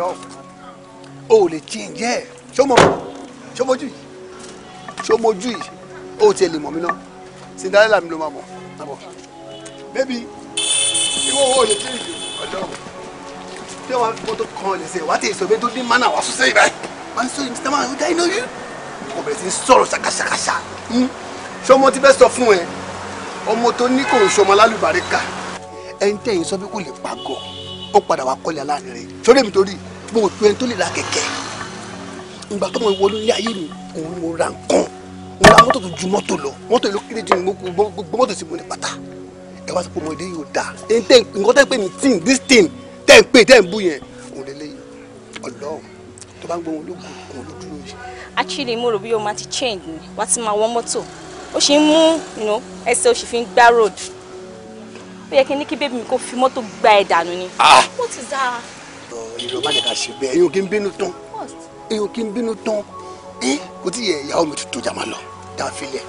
ṣọ́ọ̀bù o ò lè change ẹ̀ ṣọmọ ṣọmọjú yìí ṣọmọjú yìí o ò tiẹ̀ lè mọ̀ mí ná Cinderella mi ló máa mọ̀ àbọ̀ bébí ìwọ owó ò lè change ọjọ́ tí wọ́n mọ́ tó kàn lè ṣe wá tí èso bẹ́ẹ̀ tó dín mánà wá sọ́sẹ́ ìbáyìí máa ń sọ yìí Mr. man wíjà iná yìí kò bẹ̀rẹ̀ sí í sọ̀rọ̀ ṣàkàṣàkàṣà hmm? ṣọmọ ti fẹ́ sọ fún ẹ ọmọ tó ní kò ń ṣọmọ lálùbáríkà ẹ̀ ń tẹ̀yìn sọ pé kò lè pàgọ́ ó padà wá kọ́lé aláàánú rẹ̀ sórí mi torí mo tu ẹni tó lè ra kẹ̀kẹ́ ìgbà tó mo wọlé ilé ayé mi kò mo ra nǹkan mo ra mọ́tò tó ju mọ́tò lọ mọ́tò ìlú kéde tí mo gbogbo mọ́tò sí mo ní pátá ẹ wá sọ pé ọmọdé yóò dà nǹkan tẹ́ ń pè ní tíìn this tíìn tẹ́ ń pè tẹ́ ń bú yẹn òun lè léyìn ọlọ́run tó bá ń gbọ́ wọn ló kù kù ló dúró yìí. actually mo rò bí o máa ti change ni wàá ti máa wọ mọ́tò ó ṣe ń mú ẹsẹ̀ ó sì fi ń gbá road ó yẹ kí ní kí bébí mi kò fi mọ́tò gba ẹ̀ dànù ni. Ah. what is that. ṣe bẹ́ẹ̀ èyí ò kí ń bínú tán èyí ò kí ń bínú tán ẹ kò tí yẹ ìyàwó mi tuntun jà máa lọ dáfilẹ̀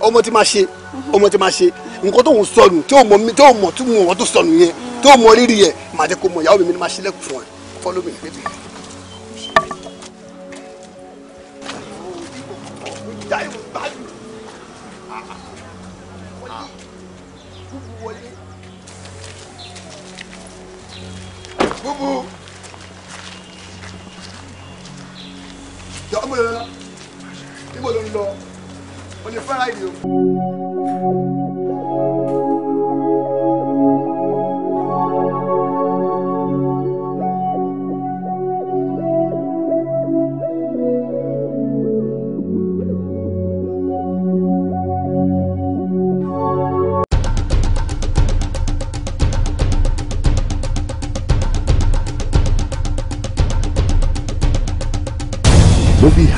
ọmọ tí máa ṣe mm-hmm. ọmọ tí máa ṣe nǹkan tóun sọnù tí ò mọ tí ò mọ tí wọn tó sọnù yẹn tí ò mọ rírì yẹn màá jẹ kó mọ ìyàwó mi ni máa ṣílẹ̀kùn fún ẹ follow me baby. dáìbò bubu jọ ọmọ lọ lọ níbo ló ń lọ o lè fẹ́ràn ìdí o.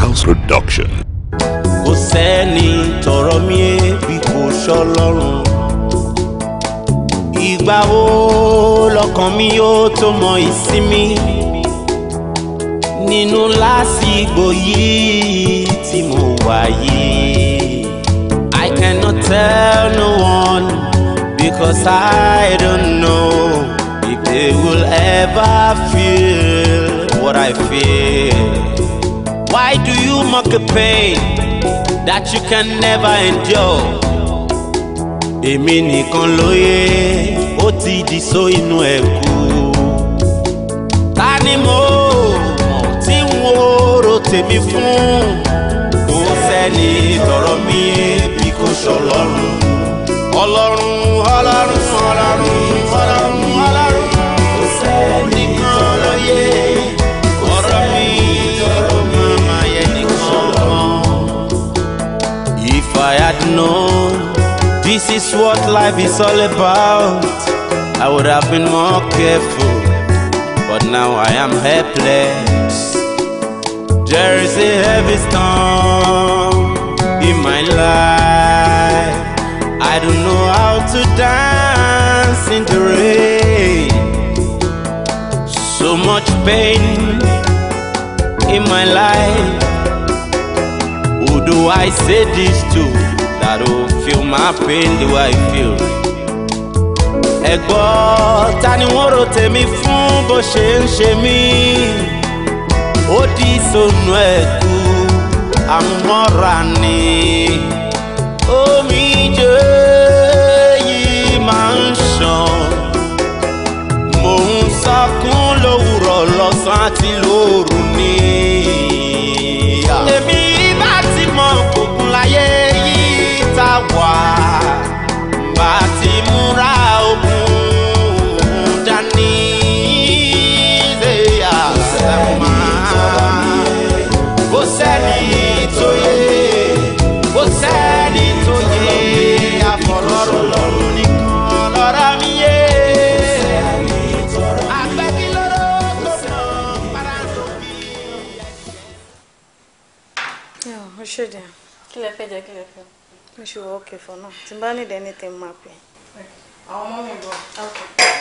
house production. kò sẹ́ni tọrọ mi èbí kò ṣọlọ́run ìgbà wo lọ́kàn mi yóò tó mọ ìsinmi nínú lásìgbò yìí tí mo wà yìí. I cannot tell no one because I don't know if they will ever feel what I feel. Why do you mock a pain that you can never endure? Èmi nìkan lóye, ó ti di só inú ẹ̀ kú. Ta ni mo mọ̀ tí n wo ro tèmi fún? Kò sẹ́ni tọ̀rọ̀ mi bí kò ṣọlọ́run. Ọlọ́run Ọlọ́run Ọlọ́run Ọlọ́run Ọlọ́run. Kò sẹ́ni tọ̀rọ̀ yé. know this is what life is all about. I would have been more careful, but now I am helpless. There is a heavy storm in my life. I don't know how to dance in the rain. So much pain in my life. Who do I say this to? to feel my pain the way I feel. Ẹ gbọ́ ta ni wọ́n rò tèmi fún bó ṣe ń ṣe mí. Ó di sọnù ẹ̀kú àmúmọ́ra ni. Omijé yìí máa ń ṣàn. Mò ń sọkún lówùrọ̀ lọ́sàn-án àti lóru ni. wá bá ti I'm should okay for now. Tí n need anything, máa pè. Àwọn go. Okay. bọ̀.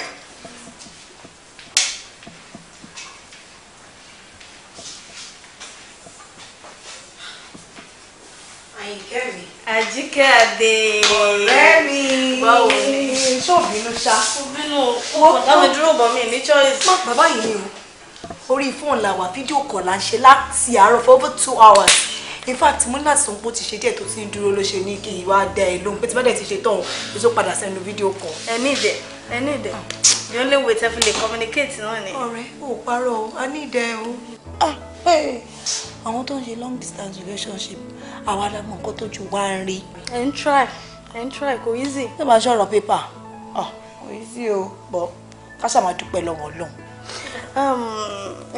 Àyìnkẹ́ mi. Àjíkẹ́ Adé. Ọ̀rẹ́ mi. Báwo ni? Ṣé òbínú ṣá? Òbínú o. Mo dá mi dúró bọ̀ mí ní choice. Má bàbá yìí ni o. Orí fóònù làwà fídíò kọ̀ là ń ṣe láti àárọ̀ for over two hours in fact mo ní láti sọ pé ó ti ṣe díẹ̀ tó ti ń dúró ló ṣe ní kí ìwà dá ẹ lóhun pé tí bá dẹ̀ ti ṣe tán o tó padà sẹ́nu fídíò kan. ẹ ní ìdẹ ẹ ní ìdẹ the only way tẹ́ fi lè communicate náà ni. ọ̀rẹ́ ò parọ́ o a ní ìdẹ o. Ah, àwọn tó ń ṣe long distance relationship àwa la mọ nǹkan tó ju wá ń rí. ẹ ń try ẹ ń try kò easy. ṣé máa ṣọ̀rọ̀ pépà ah, kò easy o bọ̀ ká ṣàmàdúpẹ́ lọ́wọ́ ọlọ́run um,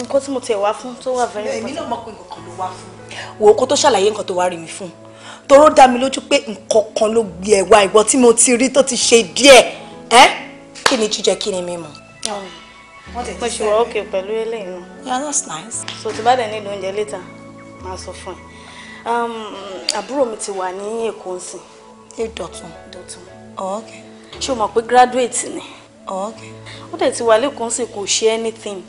nǹkan tí mo tẹ̀ wá fún tó wà very important. èmi náà mọ̀ pé nǹkan kan ló wá fún wo kó tó ṣàlàyé nǹkan tó wá rí mi fún toró dá mi lójú pé nǹkan kan ló gbé ẹ wá ìwọ tí mo ti rí tó ti ṣe díẹ̀ ẹ kí ni jíjẹ kí ni mímu. mo ṣe wà ókè pẹ̀lú eléyìí náà. yeah that's nice. so tí bá dẹ̀ nílò oúnjẹ later máa sọ fún ẹ um, àbúrò mi ti wà ní èkó nsìn. ṣé dọ̀tun. Oh, okay. ṣé o mọ̀ pé graduate ni. Oh, ok. ó dẹ̀ ti wà lẹ́kọ̀ọ́ nsìn kò ṣe anything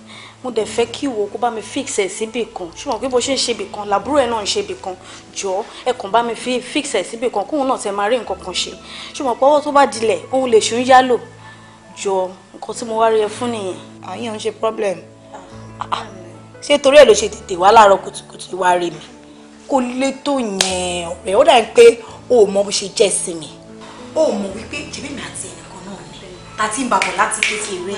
mo dẹ̀ fẹ́ kí wo kó bá mi fix ẹ̀ síbì kan ṣùgbọ́n pé bó ṣe ń ṣe bì kan làbúrò ẹ̀ náà ń ṣe bì kan jọ ẹ kàn bá mi fix ẹ̀ síbì kan kóun náà tẹ máa rí nǹkan kan ṣe ṣùgbọ́n pọ́wọ́ tó bá dilẹ̀ òun lè ṣùn yálò jọ nǹkan tí mo wá rí ẹ fún nìyẹn. àyàn ń ṣe problem ah, ah, ṣé torí ẹ ló ṣe tètè wá láàárọ̀ kùtùkùtù wá rí mi kò lè tó yẹn ọ̀rẹ́ ó dà ń pé o mọ bó ṣe jẹ́ sí o mọ wípé jẹ́bí àti ẹnìkan náà ni àti ń láti kékeré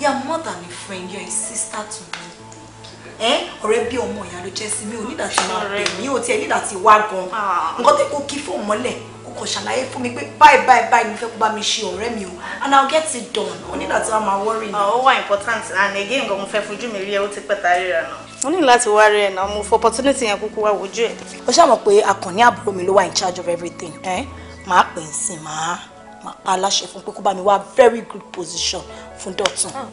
You are more than a friend, you are a sister to me. Eh? ọ̀rẹ́ bí ọmọ ìyá ló jẹ́ sí mi ò nígbà tí tell bẹ̀ that you tiẹ̀ nígbà tí wá gan ah. nǹkan tí kò kí fóun mọ́lẹ̀ o kò ṣàlàyé fún mi pé báyìí báyìí báyìí ni fẹ́ and I'll get it done o nígbà tí wọ́n máa worry mi. Ah, ó wà important and again gan mo fẹ́ fojú mi rí ẹ ó ti pẹ́ ta ríra náà. mo ní láti wá rí ẹ náà mo fọ opportunity yẹn kúkú wá wojú ẹ. o ṣàmọ̀ pé akànní àbúrò mi ló wà in charge of everything. Eh? máa pè é sí máa máa pa aláṣẹ fún pé kó bá mi wá very good position fún Dọ̀tun. Ah,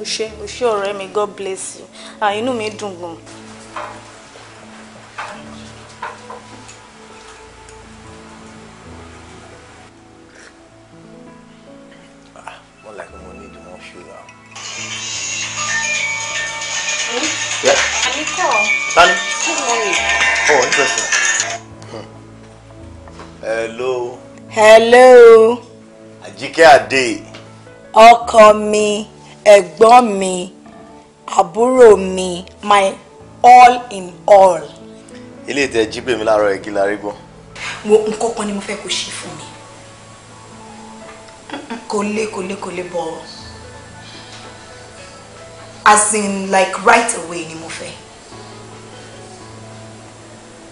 o ṣé o ṣé ọ̀rẹ́ mi God bless you ah, inú mi dùn gan. Ah, yeah. Aniko. Danny. Good morning. Oh, interesting. Hmm. Hello. Hello àjíkẹ́ àdè. ọkọ mi ẹ̀gbọ́n mi àbúrò mi my all in all. ilé ìtẹ́ jípè mi láàárọ̀ ẹ̀kí la rí gbọ́. wo nǹkan kan ni mo fẹ́ kó ṣe fún mi kò lè kò lè kò lè bọ̀ as in like right away ni mo fẹ́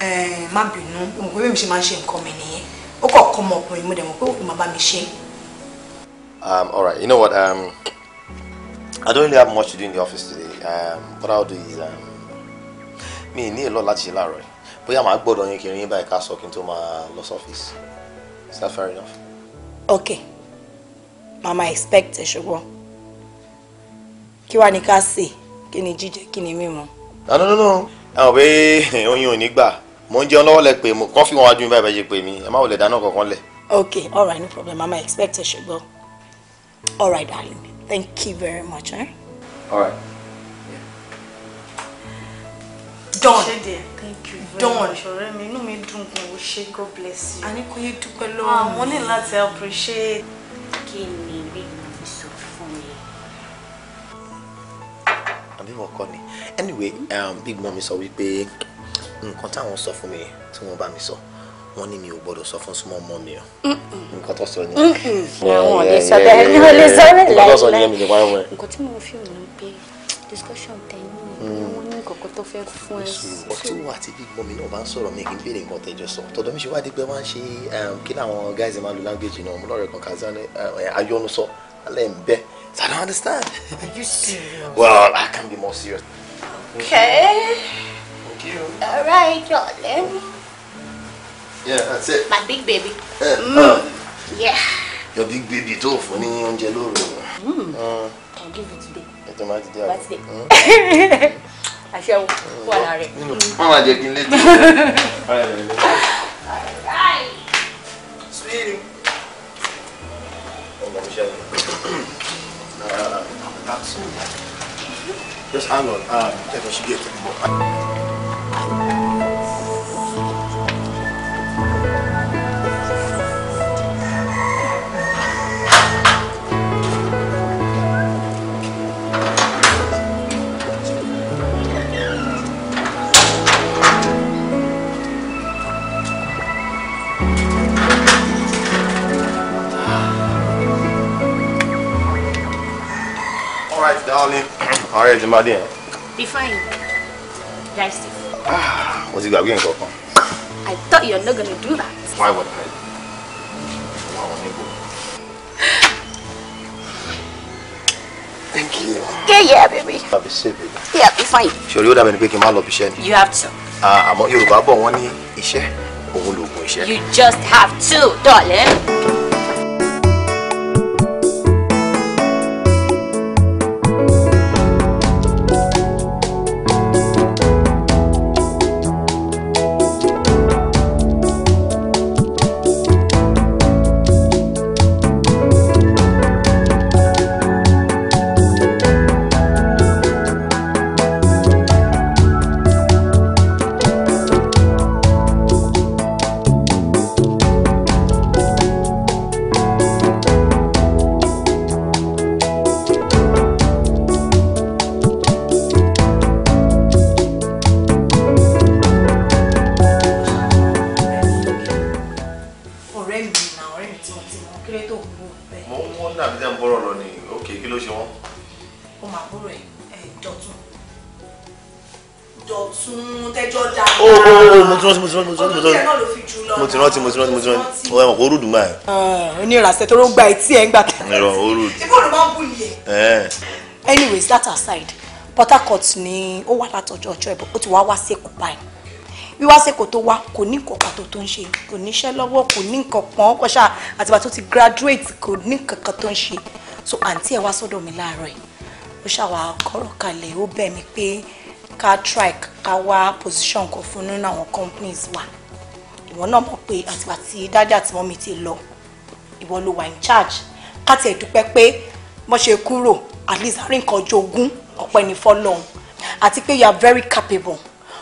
eh, má bínú mo pé bí mo ṣe máa ń ṣe nǹkan mi nìyẹn ó kọ̀ kọ́ ọmọkùnrin mo dẹ̀ mọ̀ pé òkú máa bá mi ṣe é. Um, all right. You know what? Um, I don't really have much to do in the office today. Um, what I'll do is, um, mi ní èlò láti ṣe láàárọ̀ yìí. Bóyá màá gbọ́dọ̀ yín kí n rí báyìí ká sọ kí n tó máa lọ Is that fair enough? Okay. Mama expect a ṣùgbọ́n. Kí wàá ní ká sè? Kí ni No no no no. Ẹ mọ̀ pé oyin ò ní gbà. Mo ń jẹun lọ́wọ́ lẹ pé mo kàn fi wọn wájú mi báyìí bá ṣe pé mi. Ẹ má le dáná kankan Okay, all right, no problem. Mama expect a ṣùgbọ́n. All right, darling. Thank you very much. Eh? All right. Done. Thank you very Done. much. Ọ̀rẹ́ mi inú mi dùn God bless you. A ní kò yé dúpẹ́ lọ́wọ́. Àwọn ah, ní láti appreciate. Kí ni ilé ìlú sọ mi? Àbí wọ́n kọ́ ni. Anyway, um, Big Mom sọ wípé nǹkan táwọn sọ fún mi tí wọ́n bá mi sọ. So wọ́n ní mi ò gbọ́dọ̀ sọ fún súnmọ́ ọmọ mi o. nǹkan tó sọ ni. àwọn ọ̀lẹ́ sọ bẹ́ẹ̀ ni ó lè sọ bẹ́ẹ̀ láìpẹ́. nǹkan tó sọ ni ẹ̀mí ni wọ́n á wẹ̀. nǹkan tí mo fi wò ni pé discussion tẹ̀ ní mm. wọ́n ní kọ̀kọ́ tó fẹ́ fún ẹ. ọtún wà tí bíbọn mi náà bá ń sọ̀rọ̀ mi kì í béèrè nǹkan tẹ́jọ sọ tọ̀dọ̀ mi ṣe wá dípẹ́ wá ń ṣe um, kí làwọn guys máa lo language náà mo lọ́ọ̀rẹ́ kan kazan um, ayọ́nusọ alẹ́ ń bẹ́ understand. Are you serious? Well, I can be more serious. Okay. Thank you. All right, darling. Yeah, that's it. My big baby. Yeah. Mm. Uh, yeah. Your big baby tó fún ní oúnjẹ lóru. Mm. Uh, I'll give you today. Ètò máa ti dé àbí. Láti dé. Àṣẹwò wà lára rẹ̀. Mm. Wọ́n máa jẹ kí n lé tí. Sweetie. Ọmọ mi ṣe àyè. Just hang on. Kẹ̀kẹ́ ṣí gé ètò ìbọn. darling. Alright, ti máa dé yẹn. Be fine. Guys, Steve. Ah, mo ti gbàgbé nǹkan kan. I thought you're not gonna do that. Why would I? Thank you. Yeah, yeah, baby. I'll be safe, baby. Yeah, be fine. Ṣòrí ó dà mí ni pé kí n má lọ bí iṣẹ́ ni. You have to. Ah, àmọ́ Yorùbá bọ̀ wọ́n ní iṣẹ́ òun lòògùn iṣẹ́. You just have to, darling. rántí mo ti rántí mo ti rántí ọwọ́ ẹ̀wọ̀n kò rúdù máa. Ah, onírasẹ̀ tó ló gba etí ẹ̀ gbà tẹ̀. ẹ̀rọ ó rúdù. ibo ló máa ń bùlì ẹ̀. anyways that aside Port Harcourt ni ó wà látọjọ́ ọjọ́ ẹ̀bùn ó ti wá wá sí Èkó báyìí wíwá sí Èkó tó wá kò ní nǹkan pàtó tó ń ṣe kò níṣẹ́ lọ́wọ́ kò ní nǹkan pọ́n kọ́ṣà àtìgbà tó ti graduate kò ní nǹkan tó ń ṣe so àǹtí ẹ̀ wá sọ́dọ̀ mi láàárọ̀ yìí ó ṣàwà kọ́rọ̀ kalẹ̀ ó bẹ̀ mí pé ká try ká wá position kan fún nínú àwọn companies wa ìwọ náà mọ̀ pé àtìgbà tí dájú àti mọ́mí ti lọ ìwọ ló wà in charge ká tiẹ̀ dúpẹ́ pé bọ́n ṣe kúrò at least àárín nǹkan jogún ọ̀pọ̀ ẹni fọ́lọ́hún àti pé you are very capable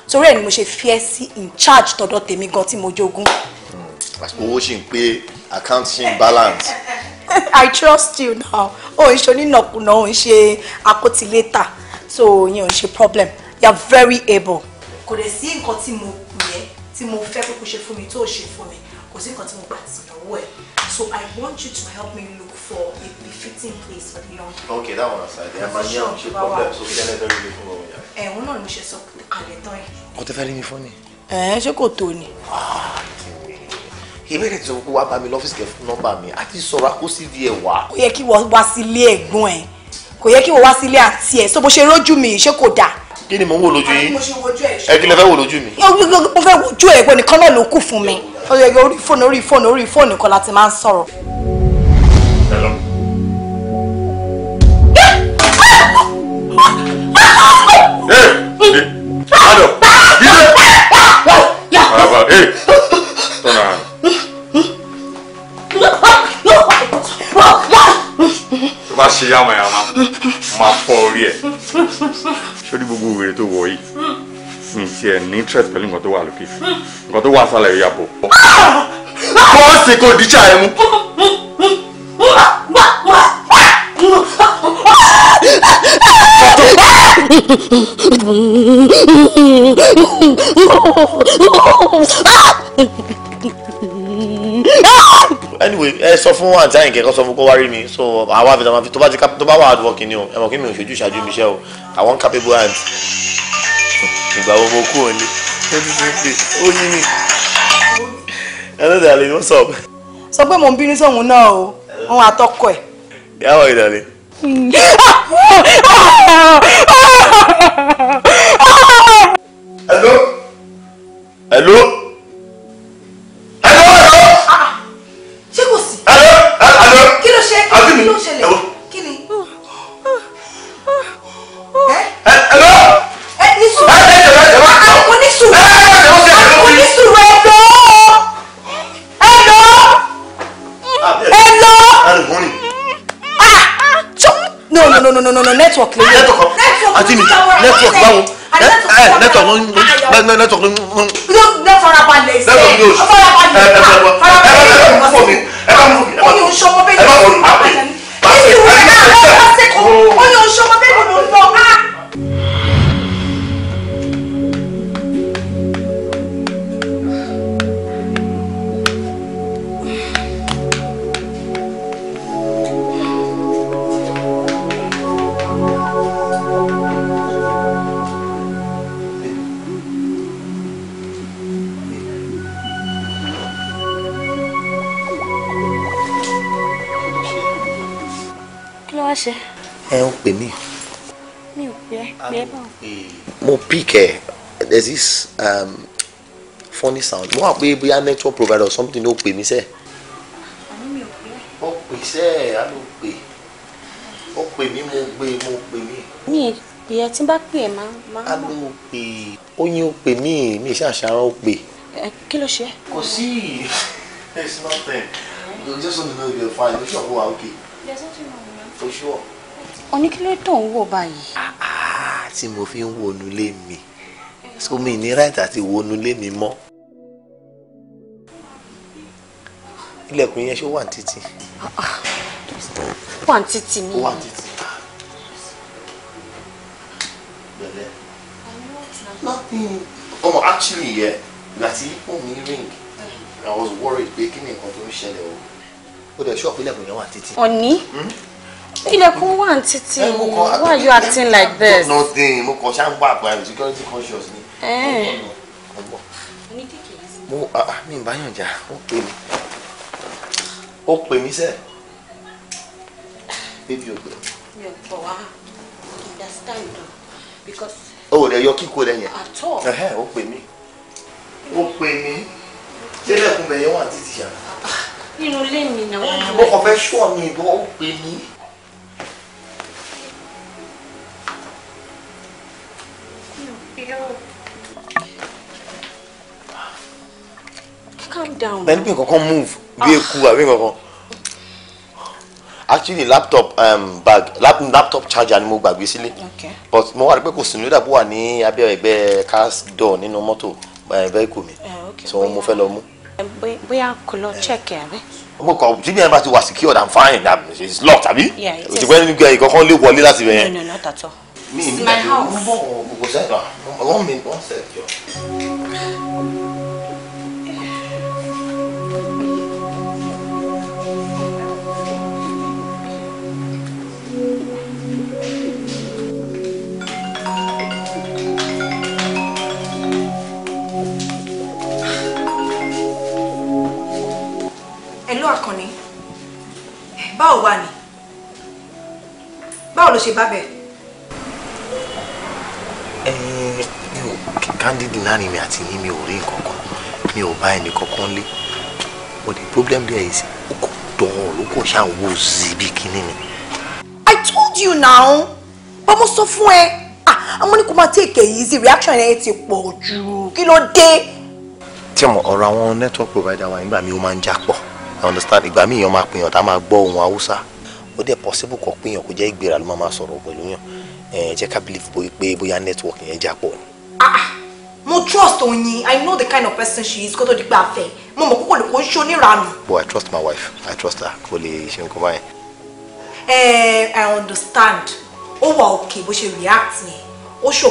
torí ẹ̀ ni mo ṣe fi sí in charge tọ̀dọ̀ tèmi gan tí mo jogún. owó ṣì ń pé account ṣì ń balance. I trust you now o n ṣe onínàkúnà o n ṣe akótiléta so yẹn o n ṣe problem you are very able. kò dẹ̀ sí nǹkan tí mo pè é tí mo fẹ́ pé ṣe fún mi tó ṣe fún mi kò sí nǹkan tí mo pàtì ìnáwó ẹ̀ so I want you to help me look for a befitting place for the young people. okay that one aside ẹ máa ní àwọn ṣe problem so kí ẹlẹ́dọ̀ rí mi fún ọmọ yàrá. ẹ̀hún náà ló ṣe sọ kalẹ̀ tán yìí. ọtí fẹ́ rí mi fún ni. ẹ ẹ ṣé kò tó ni. Ah, ìbéèrè tí wọ́n wá bá mi lọ́fíìsì kẹ fún nọ́mbà mi àti sọ̀rọ̀ àkóṣídìí ẹ̀ wá. ó yẹ kí wọ́n wá sílé ẹ̀gbọ́n ẹ̀ kò yẹ kí wọ́n wá sílé àti ẹ̀ so bó ṣe rójú mi ṣé kò dáa kí ni mò ń wò lójú yín ẹ kí lẹ fẹ́ wò lójú mi. mo fẹ́ wojú ẹ̀ pé nìkan náà ló kù fún mi orí fóònù orí fóònù orí fóònù kan láti máa ń sọ̀rọ̀. Vai chegar amanhã ẹ sórí gbogbo wèrè tó interest pẹ̀lú nǹkan tó wà lókè nǹkan tó wà sálẹ̀ yóò yàbọ̀ bọ́ọ̀sì kò díjà anyway ẹ sọ fún àǹtí àyìnkẹ́ kó sọ fún kó wá rí mi so àwa àfẹsẹ̀ máa fi tó bá ti tó bá wà hard work ni o ẹ mọ̀ kí mi ò ṣojú ìṣáájú mi ṣe o àwọn capable hand ìgbà wo mo kú òní twenty ó yí mi hello darling what's up. sọ pé mo ń bínú sóhun náà o òun àtọkọ ẹ. how are you darling. hello. hello. wà pé bóyá network provider or something ló pè mí sẹ́. ó pè sẹ́ ẹ̀ á ló pè ó pè mí mo gbé mo pè mí. mi ì pè ẹ tí n bá pè ẹ máa máa. á ló pè ó ó pè mí mi ì ṣàṣàrán ó pè. ẹ kí ló ṣe. kò sí it's nothing you just want to know if you're fine you sure go out okay. there's nothing wrong with you. for sure. oníkílẹ̀ tó ń wò báyìí. Ah, ah, tí mo fi ń wọnú lé mi so mi ní right àti wọnú lé mi mọ́. ilẹ̀kùn yẹn ṣó wà ní títì. wà ní títì ni. wà ní títì. nothing ọmọ actually yẹ ìgbà tí ó mi ring I was worried pé kí ni nǹkan tó ń ṣẹlẹ̀ o ó dẹ̀ ṣọ́ọ̀pù ilẹ̀kùn yẹn wà ní títì. ọ̀ní hmm? ilẹ̀kùn wà ní títì eh, why are you acting like this. nothing mo kàn ṣáà ń gbà pé i'm security conscious ni. Eh. mo ah, ah, mi ìbáyànjà ó pè mí ó pè mí sẹ́ẹ̀ bébí ò gbé. mi ò gbọ́ wá understand o because. o ò rẹ yọ kíkó rẹ yẹn. at all. ó pè mí ó pè mí tẹ́lẹ̀kùn bẹ̀yẹ̀ wà títí yàrá. nínú ilé mi náà wọ́n mú. Ah, mo kàn fẹ́ ṣọ́ mi ìbọn ó pè mí. mi calm down. bẹ́ẹ̀ni bí nǹkankan move bí ah. eku àbí nǹkankan actually laptop um, bag lap, laptop charger ni mo gbàgbé sílé okay. but mo wá rí pé kò sínú dàbí wà ní abẹ́ ẹgbẹ́ cars door nínú mọ́tò eh, vehicle mi eh, so mo fẹ́ lọ mú. Eh, bóyá kò lọ check ẹ abẹ. mo kọ tí bí ẹ bá ti wà secured and fine it's locked àbí òtùpẹ́ nígbà ìkọ̀kan lè wọlé láti bẹ̀yẹn. no no not at all It's my house. wọn bọ ọgbọgbọ sẹba wọn mi wọn sẹ jọ. Hello Àkànní. Báwo wà ní? Báwo ló ṣe bá bẹ̀? Candid láàrin mi àti yín mi ò rí nǹkan mi ò bá ẹnì kankan lé but the problem there is ó kò dán ló kò ṣáà wò sí bí ni. I told you now bá mo sọ fún ah, àwọn ní kò máa take it easy reaction ẹ ti pọ̀ jù kí ló dé. tí mo ọ̀rọ̀ àwọn network provider wa nígbà mi ó máa ń jà pọ̀ understand ìgbà míì yàn máa pèèyàn tá a máa gbọ́ ohun haúsá ó dẹ̀ possible kọ́ pèèyàn kó jẹ́ ìgbéra ló máa máa sọ̀rọ̀ pẹ̀lú yàn ẹ̀ jẹ́ ká believe bóyá pé bóyá network yẹn já pọ̀ ni. Ah, ah. mo trust Oyin I know the kind of person she is kó tó di pé a fẹ́ mo mọ̀ kókò lè kó ń ṣe oníranù. but I trust my wife I trust her kò lè ṣe nǹkan báyẹn. ẹ eh, I understand ó wà òkè bó ṣe react yẹn ó sọ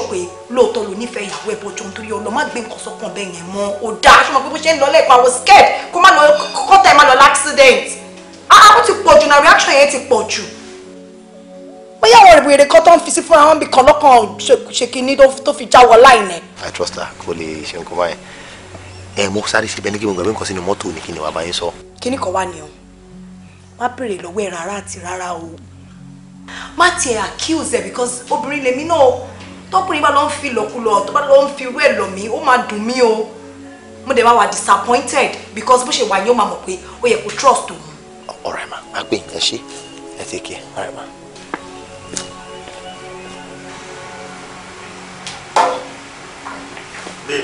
lóòótọ́ ló nífẹ̀ẹ́ ìyàwó ẹ̀ bọ́jọ́ nítorí ọlọ́ má gbé nǹkan sọ́kàn bẹ́ẹ̀ yẹn mọ́ ó dáa ṣé mo bó ṣe ń lọ lẹ́ẹ̀pá wo scared kó má lọ kọ́tà ẹ̀ má lọ l'accident ah ó ti pọ̀ jù na reaction yẹn ti pọ̀ jù bóyá àwọn ìbéèrè kan tó ń fi sí fúnra wọn bí lọ́kàn ṣe tó fi jáwọ́ láìnẹ. I trust her kó lè ṣe nǹkan báyẹn ẹ mo sáré síbẹ̀ ní kí mo gbàgbé nǹkan sínú mọ́tò ní kí ni wàá bá yín sọ. kíní kan tọ́kùnrin bá lọ ń fi lọ́kulọ̀ tó bá lọ ń fi irú ẹ̀ lọ̀ mí ó máa dùn mí o mo dẹ̀ máa wà disappointed because bó ṣe wà yóò máa mọ̀ pé ó yẹ kó trust òun. ọ̀rẹ́ ma a gbé ẹ ṣe ẹ ti kí ẹ ọ̀rẹ́ ma. babe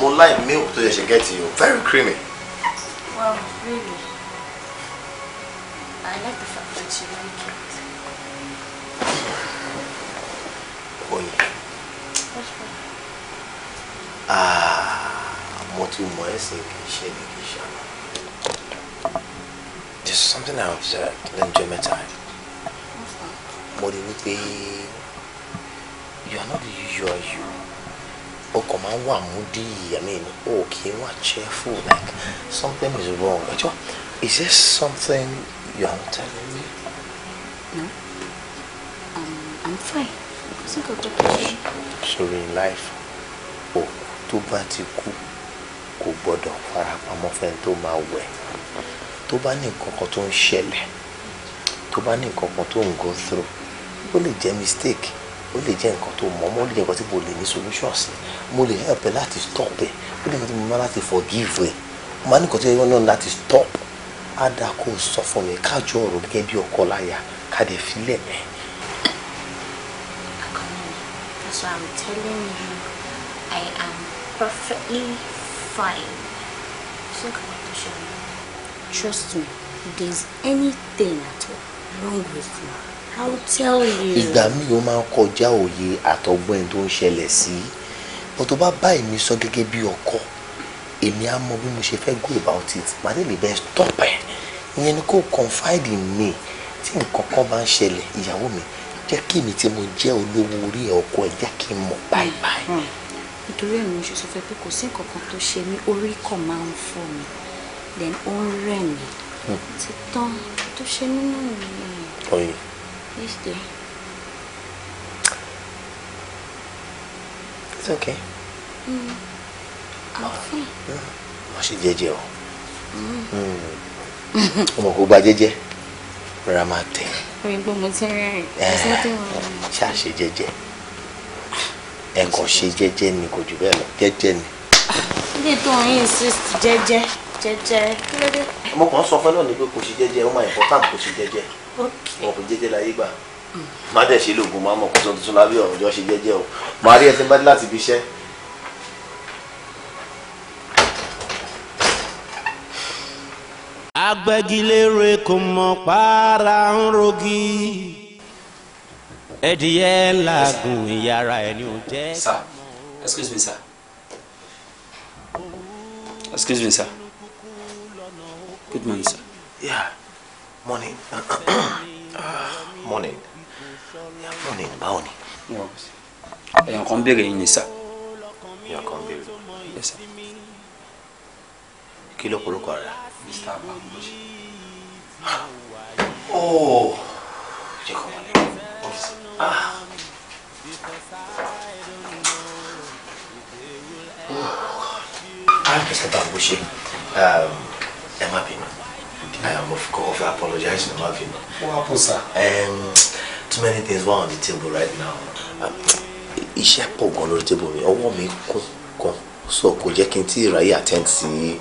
mo like milk tó yẹ ṣe get you very creamy. wow really i like the fact that you like it. òní. Ah, mo ti mọ ẹsìn kì í ṣe ni kì í There's something I observed lẹ́njọ́ mẹ́ta. mo rí wípé you are not the usual you o kò máa ń wà moody I mean o kì í wà cheerful like something is wrong ẹjọ́ is there something you are not telling me? No, um, I'm fine sórí life òkú tó bá ti kú kò gbọ́dọ̀ farapamọ́ fẹ́ni tó máa wẹ̀ tó bá ní nǹkan tó ń ṣẹlẹ̀ tó bá ní nǹkan tó ń go through ó lè jẹ́ mistake ó lè jẹ́ nǹkan tó mọ̀ mọ́ ó lè jẹ́ nǹkan tí mo lè ní solution sí mo lè help ẹ láti stop ẹ ó lè jẹ́ nǹkan tí mo máa láti forgive ẹ mo máa ní nǹkan tí mo náà láti stop á dáa kó o sọ fún mi ká jọ ọ̀rọ̀ gẹ́gẹ́ bí ọkọ láya ká dẹ̀ fi lẹ̀ So I'm telling you, I am perfectly fine. So come on, to show you. Trust me, if there's anything at all wrong with you, I'll tell you. Ìgbà míì ó máa ń kọjá òye àtọgbọ́n ẹni tó ń ṣẹlẹ̀ sí. But tó bá bá èmi sọ gẹ́gẹ́ bí ọkọ, èmi á mọ bí mo ṣe fẹ́ go about it. Màá lè lè stop ẹ̀. Ìyẹn ni kò confide in me tí nǹkan kan bá ń ṣẹlẹ̀ ìyàwó mi jẹ́ kí èmi tí mo jẹ́ olówó orí ọkọ ẹ̀ jẹ́ kí n mọ̀ báyìí báyìí. Hmm. nítorí ẹ̀mí oṣù sọ fẹ́ pé kò sí nǹkan kan tó ṣe mí orí kan máa ń fọ́ mi then ó ń rẹ̀ mí hmm. ti tán tó ṣe nínú mi. ọyìn. it's okay. Mm. I'm ah. fine. wọ́n hmm. ṣe jẹ́jẹ́ o ọmọ kò gba jẹ́jẹ́ rárá máa tẹ̀ ẹ́ òyìnbó mo ti rẹ́rìn there's nothing wrong with ṣe jẹ́jẹ́ ni kò jù bẹ́ẹ̀ lọ jẹ́jẹ́ ni. ilé tó ń insist jẹ́jẹ́ jẹ́jẹ́ kí ló dé. mo kàn sọ fẹ́lọ́ ni pé kò ṣe jẹ́jẹ́ ó máa important kò ṣe jẹ́jẹ́ mo kò jẹ́jẹ́ láyé gbà má dẹ̀ ṣe lóògùn má mọ̀ kó sọ tuntun lábẹ́ ọ̀rọ̀ jọ ṣe jẹ́jẹ́ o má rí ẹ ti bá dé láti ibi iṣẹ́ agbẹ́gilére kò mọ̀ para ń rogi ẹdìyẹ làágùn ìyára ẹ̀ ni ò jẹ́. sir excuse me sir excuse me sir good morning sir. yeah morning morning yeah, morning báwo ni. èèyàn kan béèrè yín ni sir. èèyàn kan béèrè. yes sir. kí ló polókọ rẹ̀. Mr. Bambuji. Oh, jẹ́ kọ́ wọlé ọ́fíìsì. Mr. Bambuji, ẹ má bínú. I am of course apologizing, ẹ má bínú. What happened, sir? Um, too many things were on the table right now. E, iṣẹ́ pọ̀ gan lórí tébù mi, ọwọ́ mi kún gan, so could you kí n tí attend sí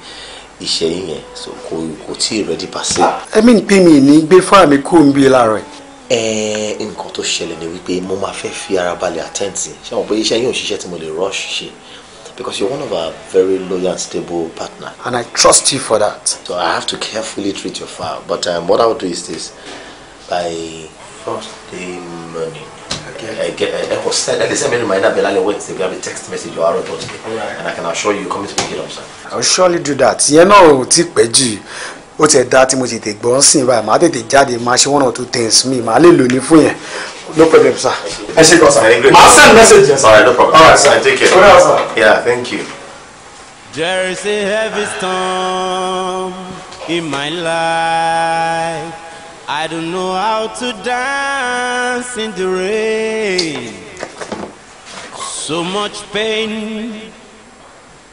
iṣẹ́ yẹn so kò kò tí ì ready per se. ẹ mi pè mí ní gbé fáwọn mi kó n bí láàárọ̀ ẹ̀. ẹ nǹkan tó ṣẹlẹ̀ ni wípé mo máa fẹ́ fi ara balẹ̀ attend ṣé mo pé iṣẹ́ yóò ṣiṣẹ́ tí mo lè rush ṣe because you're one of our very loyal and stable partners, and I trust you for that. so I have to carefully treat your file but um, what I will do is this by Thursday morning because okay. the same reminder Belal waits if you have a text message or a report and I can assure you coming to pick it up sir. I will surely do that. You know, tip tí pẹ́ jù ó ti ẹ̀ dá tí mo tètè gbọ́ sí i báyìí màá tètè jáde máa ṣe one or two things mi màá lè lò ní fún yẹn no problem sir. ẹ ṣe kọ sir màá send message yẹn sir. all right no problem all right sir take care. all right sir. yeah thank you. There is a heavy storm in my life. I don't know how to dance in the rain. So much pain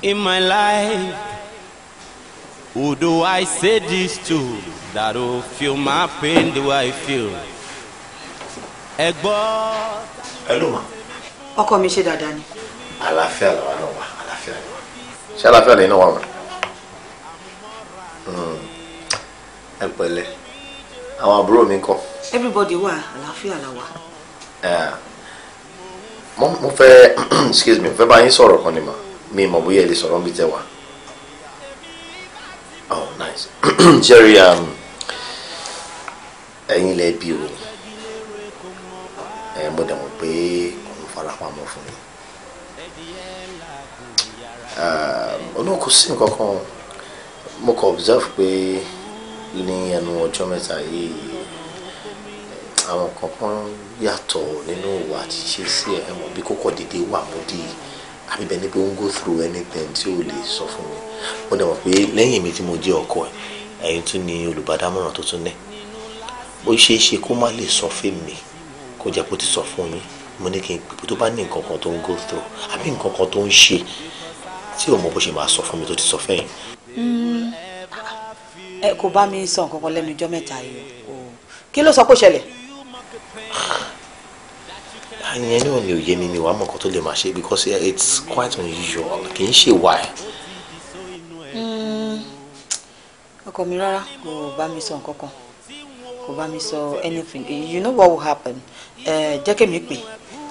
in my life. Who do I say this to that will feel my pain Do I feel? Ẹgbọ́. Hello ma. Ọkọ mi ṣe dáadáa ni. Àlàáfíà lọ́wọ́ náà wà, àlàáfíà ni wà. Ṣé àlàáfíà lẹ́yìn náà wa. wà? Hmm. Ẹ pẹ̀lẹ́ àwọn àbúrò mi kọ. everybody wa àlàáfíà la wà. mo fẹ́ excuse me mo fẹ́ bá yín sọ̀rọ̀ kan ni mà mi mọ̀ bóyá ẹ sọ̀rọ̀ níbi tẹ́ wà. oh nice jerry um, ẹ̀yin lẹ bí o ẹ mo dẹ̀ mọ̀ pé òun fara pamọ́ fún mi olóòkú sí nǹkan kan mo kọ observe pé. Pe ní ẹnu ọjọ́ mẹ́ta yìí àwọn kankan yàtọ̀ nínú ìwà àti ṣe sí ẹ̀ mọ̀ bí kókò dédé wà mọ́dí àbí bẹ́ẹ̀ ni pé ó ń go through anything tí ò lè sọ fún mi mo dẹ̀ mọ̀ pé lẹ́yìn mi tí mo jẹ́ ọkọ ẹ̀ ẹ̀yin tún ni olùbádámọ̀ràn tó tún ní ó ṣeé ṣe kó má lè sọ fún mi kó jẹ́ kó ti sọ fún yín mo ní kí n pè tó bá ní nǹkan kan tó ń go through àbí nǹkan kan tó ń ṣe tí ò mọ bó ṣe máa sọ fún mi tó ti sọ fẹ́yìn ẹ kò bá mi sọ nǹkan kan lẹ́nu ijọ́ yìí o kí ló sọ pé ó àyẹn náà ni òye mi mi wàá mọ̀ nǹkan tó lè máa ṣe because it's quite unusual kì í ṣe wà hmm. ọkọ mi rárá kò bá mi sọ nǹkan kò bá mi sọ anything you know what will happen jẹ́ kémi pè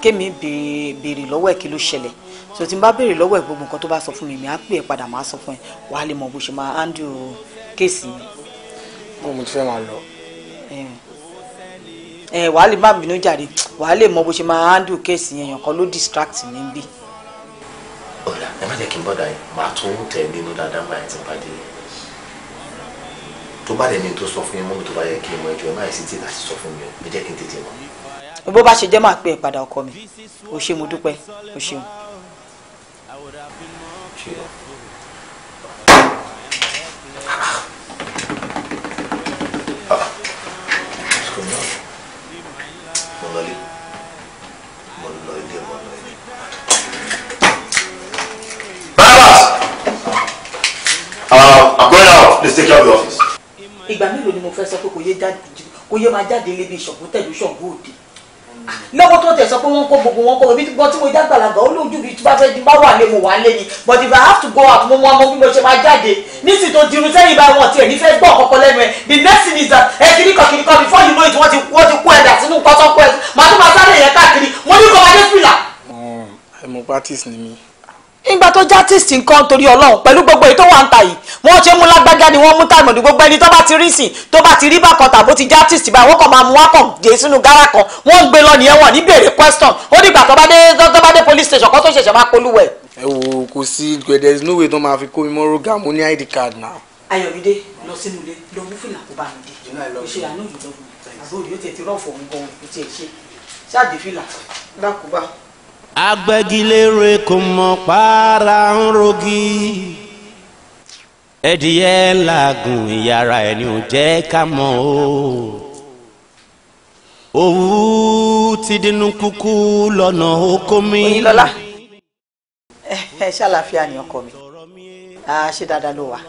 kémi béèrè lọ́wọ́ ẹ̀ kí ló ṣẹlẹ̀ so tí n bá béèrè lọ́wọ́ ẹ̀ gbogbo nǹkan tó bá sọ fún mi mi á pè é padà máa sọ fún ẹ wàá lè mọ bó ṣe máa handle kéèsì mi. mo mo ti fẹ́ máa lọ. ẹ wàá lè má bínú jàre wàá lè mọ bó ṣe máa handle kéèsì yẹn yàn kan ló distract mi bí. ọ̀la ẹ má jẹ́ kí n bọ́dà yìí màá tún tẹ̀ nínú dáadáa máa ti pàdé yìí tó bá lè ní tó sọ fún yín mọ́mí tó bá yẹ kí n mọ ẹjọ́ ẹ má yẹ sí tí láti sọ fún mi o ẹ jẹ́ kí n tètè mọ̀. bó bá ṣe jẹ́ máa pè é ọkọ mi o ṣé mo dúpẹ́ o ṣeun. ṣé now let's take care of the office. ìgbà mélòó ni mo fẹ́ sọ pé kò yé jáde kò yé máa jáde lébi ìṣọ̀gbó tẹ̀lú ṣọ̀gbó òde lọ́wọ́ tó tẹ̀ sọ pé wọ́n kó gbogbo wọn kó ebi gbọ́ tí mo já gbàlagbà ó lójú bí bá fẹ́ di bá wà lé mo wà lé ni but if I have to go out mo mọ ọmọ bí mo ṣe máa jáde nísìnyí tó dirun sẹ́yìn bá wọn tiẹ̀ nífẹ̀ẹ́ gbọ́ ọ̀kọ̀ọ̀kọ̀ lẹ́nu ẹ̀ the next thing is that ẹ kìnnìkan kìnnìkan before you know it wọ́n ti wọ́n ti kú ẹ̀dà sínú nǹkan tó kú ẹ̀ màá tún máa sáré yẹn káàkiri mo ní kọ́ máa dé fìlà. ẹ practice ni mi ìgbà tó játìsì nǹkan torí ọlọ́run pẹ̀lú gbogbo èyí tó wà ń ta yìí wọ́n ṣe mú lágbájá ni wọ́n mú tàìmọ̀ ní gbogbo ẹni tó bá ti rí sìn tó bá ti rí bákan tàbó ti játìsì báyìí wọ́n kàn máa mú wá kàn dé sínú gárà kan wọ́n ń gbé lọ nìyẹn wọ́n ní béèrè question ó dìgbà tó bá dé tó bá dé police station kan tó ṣẹ̀ṣẹ̀ máa polú ẹ̀. ẹ wo kò sí there is no way tó máa fi kó mi mọ́ rogam ó ní id card now. ayọ̀mídé lọ sínú ilé lọ mú fìlà kó bá mi dé ìṣe àná yìí lọ agbẹ́gilére kò mọ̀ para ń rogi ẹdìyẹ làágùn ìyàrá ẹni ò jẹ́ ká mọ̀ o òwú ti dínú kúkú lọ́nà oko mi. oyinlọla ẹ ẹ ṣàlàfíà ni ọkọ mi a ṣe dáadáa ló wà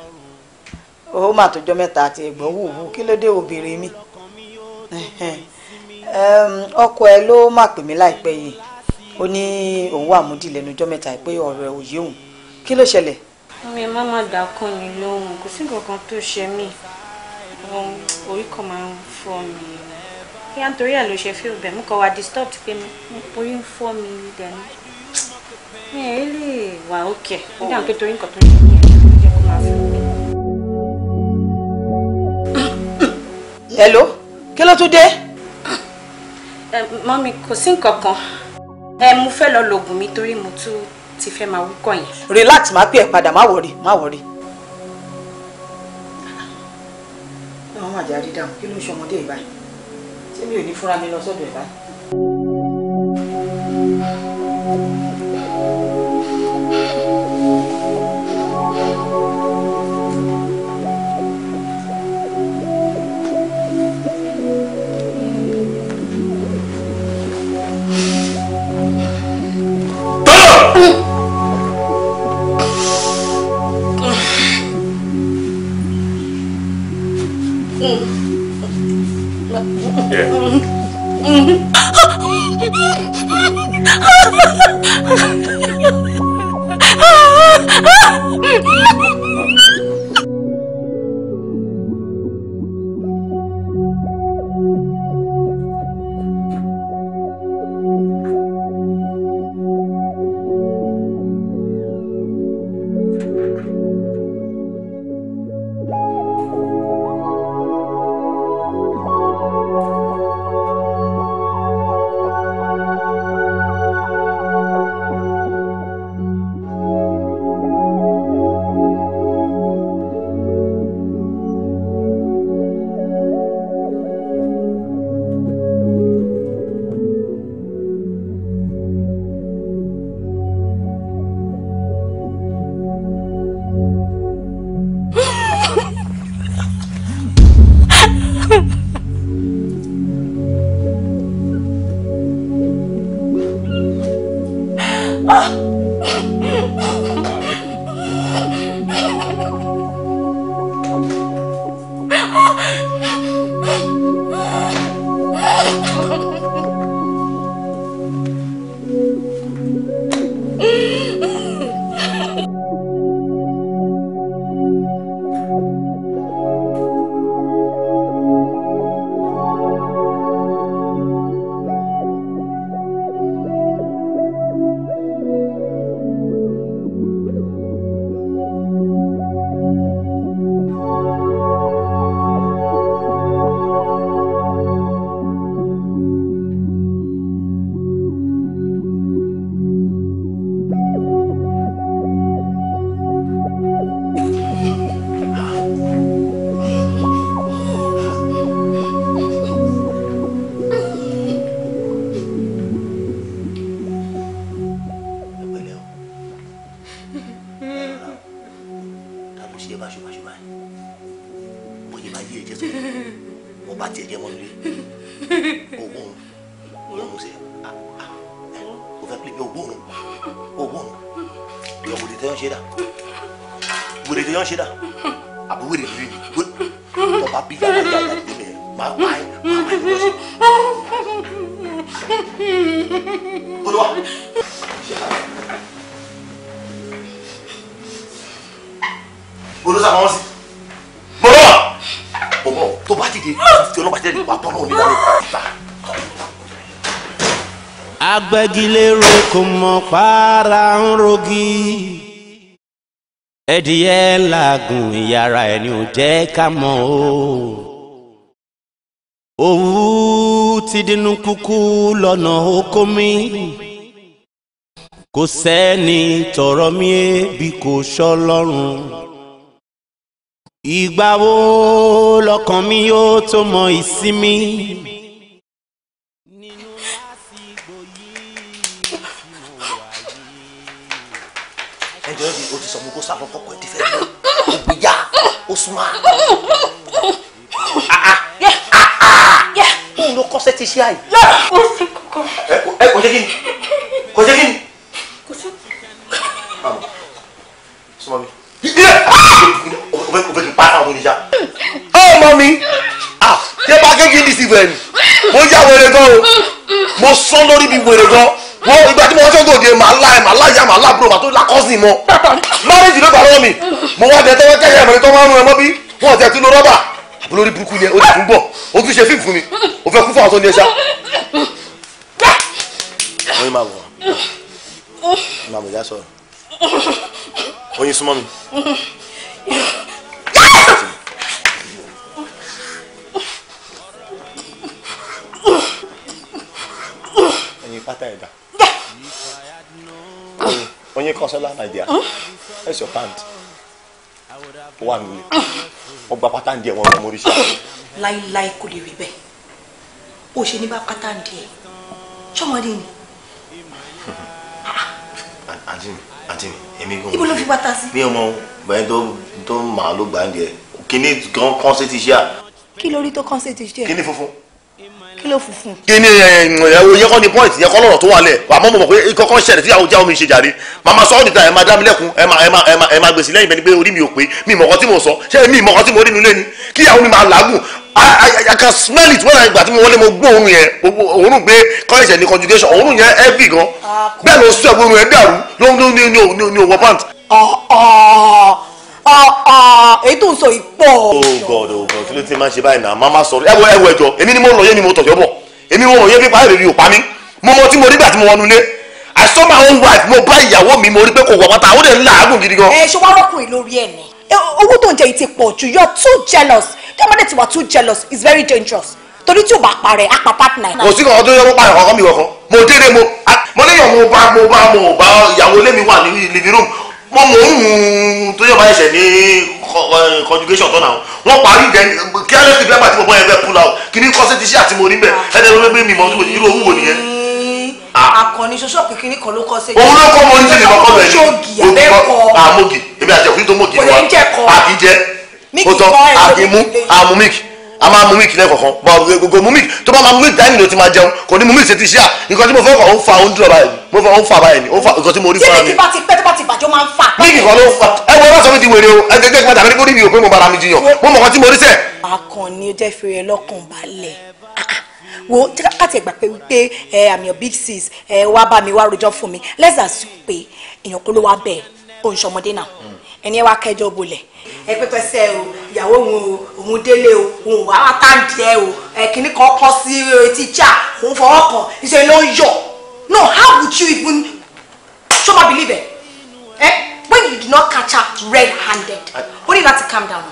ó mà tójọ́ mẹ́ta àti ẹ̀gbọ́n wùwù kí ló dé obìnrin mi ọkọ ẹ ló mà pè mí láìpẹ́ yìí ó ní òun wà múdì lẹ́nu ọjọ́ mẹ́ta pé ọ̀rọ̀ ẹ̀ ò yé òun kí ló ṣẹlẹ̀. mi má má dákún mi lóhùn kò sí nǹkan kan tó ṣe mí orí kan máa ń fọ́ mi kí á torí ẹ̀ ló ṣe fí bẹ̀ mú kọ́ wa disturbed pé orí ń fọ́ mi dẹ̀nu mi ẹ̀ lè wà òkè nígbà pé torí nǹkan tó ń ṣe mí ẹ̀ ló jẹ́ kó máa fún mi. hello kí ló tún dé. mọ́mi kò sí nǹkan kan ẹ mo fẹ́ lọ lògùn mi torí mo tún ti fẹ́ máa wúkọ̀ yẹn. relax máa pè ẹ padà má wọrí má wọrí. náà wọn àjà rí dáhùn kí ló ń ṣe ọmọdé ìbáyìí tí mi ò ní fúnra mi lọ sọ́dọ̀ ìbáyìí. Yeah. tó bá ti dé ti ọlọ́pàá ti dé nípa tọ́nà òní wọlé. agbẹ́gilérò kò mọ̀ para ń rogi ẹdìyẹ làágùn ìyàrá ẹni ò jẹ́ ká mọ̀ o òwú ti dínú kúkú lọ́nà oko mi kò sẹ́ni tọ̀rọ̀ mi ebi kò sọ lọ́rùn ìgbà wo lọ́kàn mi yóò tó mọ ìsinmi. ẹjọ́ ni o ti sọ mo kó sábọ̀ kọ́kọ́ ti fẹ́ ìgbìyà ó súnmọ́. òun ah, ah. ló kọ́sẹ́ ti ṣe àyè. ó sì kọ́kọ́. ẹ kò ṣe kí ni kò ṣe kí ni. kò sí. sọmọ mi. Ah! o fẹ́ o fẹ́ kí n para ọmọ mi já. ọ mọ mi ṣé pàkéjì ní ti bẹ̀rẹ̀ mo já wèrè gan o mo sọ lórí mi wèrè gan mo ìgbà tí mo wọ́n sọ́dọ̀ òde màá láì màá láì yá màá láàbúrò màá tó lákọ́sìn mọ́ márèjì ló gbà lọ́wọ́ mi mo wá bẹ̀ tọ́wọ́ kẹ́yẹ ẹ̀mẹ́rin tó máa ń rún ẹ mọ́ bí wọ́n tẹ̀ tún lo rọ́bà àbúlórí burúkú yẹn ó ti fún bọ̀ ó tún ṣe fíìmù fún mi ó fẹ́ kú fún àwọn tó ní ẹ ṣá. oyin máa wọ̀ máa bọ̀ já sọ̀rọ̀ oyin súnmọ́ mi. pátá ẹ̀dá. onye consular Nigeria that's your pant wà nílé wọ́n gba pátá ndí ẹ̀ wọ́n lọ mórí ṣá. láíláí kò lè rí bẹ́ẹ̀ o ṣe ní bá pátá ndí ẹ̀ ṣọmọdé ni. Ah, ah. àǹtí mi àǹtí mi èmi gan. ibo ló fi pátá sí. mi ò mọ bẹ́ẹ̀ tó tó màá ló gbà ń di ẹ̀ kíní ṣíà. kí lórí tó kán sétí ṣíà. kíní funfun kí ló funfun. kí ni ẹwọ eh, yẹkọ ni point yẹkọ lọ́rọ̀ tó wà lẹ àmọ́ mo mọ̀ pé kọkọ ṣẹlẹ̀ tí àwọn mi ṣe jàre màmá sọ ọ nìta ẹ máa dá mi lẹ́kùn ẹ máa ẹ máa ẹ máa ẹ máa gbèsè lẹ́yìn bẹni pé orí mi ò pé mi mọ̀kọ́ tí mo sọ ṣé mi mọ̀kọ́ tí mo rí mi lé ni kí ìyàwó mi máa làágùn I can smell it when I gbà tí mo wọlé mo gbọ́ òórùn yẹn òórùn gbé kọ́lẹ́sẹ̀ ní conjugation òórùn yẹn heavy gan ah, bẹ́ẹ̀ ló sọ ìgbóhùn yẹn dàrú ló ní òwò pant. ọ̀ọ́ ah, ah. Ah, ah, èyí tó ń sọ yìí pọ̀. oh god oh god kí ló ti máa ṣe báyìí náà màmá sọ̀rọ̀ ẹ wo ẹ wo ẹjọ èmi ni mo lọ yé ni mo tọ̀jọ́ bọ̀ èmi wọn ò yé pípa èrè rí ò pa mí mo mọ tí mo rí gbà tí mo wọnú ilé i saw my own wife mo bá ìyàwó mi mo rí pé kò wọ bàtà ó lè ń làágùn gidi gan. ẹ ṣe wàá rọkùnrin lórí ẹ ní owó tó ń jẹ ìtì pọ̀ jù you're too jealous tí ọmọdé you. wà too jealous is very dangerous torí tí o bá parẹ́ á pa partner. kò sí kankan tó yẹ kó parẹ́ kankan mi kankan mo délé mo mo léyàn mo bá mo bá mo bá ìyàwó lé mi wà ní living room mo mọ̀ ń tó yọ̀ bá ẹsẹ̀ ní eh, conjugation tọ́nà wọn parí ìdẹ kí á lè fi gbẹ́gbà tí mo bọ́ yẹn fẹ́ pull out kí ní kọ́sẹ́ ti ṣe àti mo níbẹ̀ ah. ẹ̀dẹ̀ ló gbé mi mọ̀ tí mo ti irú owó nìyẹn. Ah. akọni ṣoṣọpì kìíní kan ló kọ́ sí. òun ló kọ́ mo ní tèmi kọ́kọ́ bẹ̀ ni òkùnkọ́ àmọ́gì ah, èmi àti ẹ̀kú tó mọ́gì wa àkíjẹ́ ó tán àkímú àmúmíkì a máa mú mílìkì lẹ́kọ̀ọ̀kan bá ọ̀gbìn gbogbo mú tó bá máa mú mílìkì dání ló ti máa jẹun kò ní mú mílìkì ṣe ti nǹkan tí mo fẹ́ kọ̀ ó fa oúnjẹ ọba yìí mo fẹ́ ó ń fa báyìí ni ó fa nǹkan tí mo rí fún mi. tí èkìtì bá ti pẹ́ tó bá ti bàjọ́ máa ń fa. mílìkì kan ló ń fa ẹ wọ ọlọ́sọ̀ mi di wèrè o ẹ jẹ́ jẹ́ ah, wo káti ẹgbà pé wípé ẹ àmì ọ big six ẹ wá bá mi wá rojọ́ fún mi lẹ́sà sùn pé èèyàn kó ló wá bẹ̀ ọ̀ náà ẹni ẹ wá kẹjọ bolẹ̀. ẹ pẹpẹ sẹ o ìyàwó òun o òun délé o òun wà á tàǹdì ẹ o ẹ kìíní kan kọ sí etí ìjà òun fọwọ́ kàn iṣẹ́ ló ń yọ no how would you even show my belief ẹ ẹ when you do not catch her red handed o need to calm down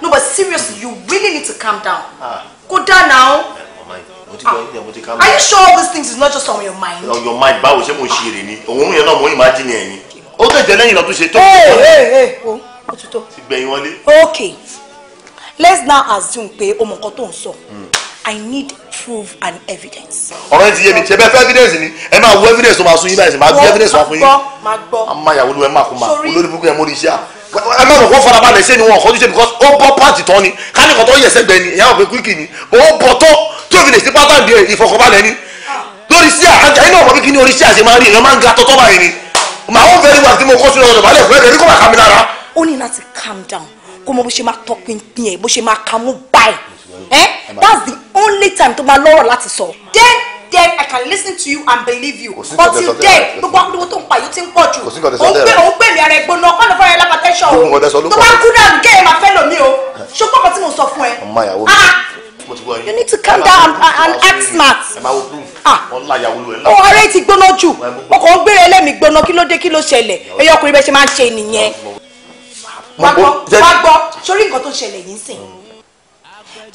no but seriously you really need to calm down ah. go down now. Eh, ah. Are you sure all these things is not just on your mind? On your mind, báwo ṣé mo ṣe èrè ni? Òun yẹn náà mo imagine ẹ̀ ni ó tẹ̀jẹ̀ lẹ́yìn lọ́tún ṣe tó. Oh, ó ti tó. ti gbẹ̀yìn wọlé. ok let's now assume pé o mọ̀ nǹkan tó ń sọ hmm. i need proof and evidence. ọ̀rọ̀ yẹn ti yé mi ṣe bẹ́ẹ̀ fẹ́ evidence ni ẹ máa wo evidence tó máa sún yín báyìí máa gbé evidence wá fún yín. máa gbọ́ a máa yàwó ló ẹ máa kó máa olórí burúkú ẹ mórí iṣẹ́ à ẹ má lọ kó farabalẹ̀ ṣé ni wọn kọ́ ṣe because ó bọ́ pàtì tán ni káníkọ̀ tó yẹsẹ̀ gbẹ ni ìyá òfin quick ni ó bọ̀ tó tó fi lè sí pátá ìfọkànbalẹ̀ ni lórí iṣẹ́ àkájà iná ọ̀rọ̀ kíkí ni orí iṣẹ́ àṣemá rí máa ń ga tọ́tọ́ báyìí ni my own very well tí mo kọ́ sínú ọ̀dọ̀ balẹ̀ fún ẹ̀rọ ní kò máa ká mi lára. ó ní láti calm down kó mọ bó ṣe máa tọpinpin ẹ bó ṣe máa kàmú báyìí ẹ eh? that's the only time tó máa lọ́rọ̀ láti sọ. then then I can listen to you and believe you until then gbogbo akúndínwó tó ń pa yìí ó ti ń pọ̀ jù òun pé òun pè mí ara ẹ̀ gbóná ọ̀nà fún ẹ̀ lápá tẹ́sán o tó bá kú dànù kéèyàn máa fẹ́ lòmí o ṣùgbọ́n kan tí mo sọ fún ẹ. Ah! you need to calm down and, and act smart. ah ó oh, ọ̀rẹ́ ti gbóná jù ọkọ̀ ń gbére lẹ́mìí gbóná kí ló dé kí ló ṣẹlẹ̀ ẹyọ ọkùnrin bẹ́ẹ̀ ṣe máa ń ṣe nìyẹn. wá gbọ́ wá gbọ́ sórí nǹkan tó ṣẹlẹ̀ yìí sìn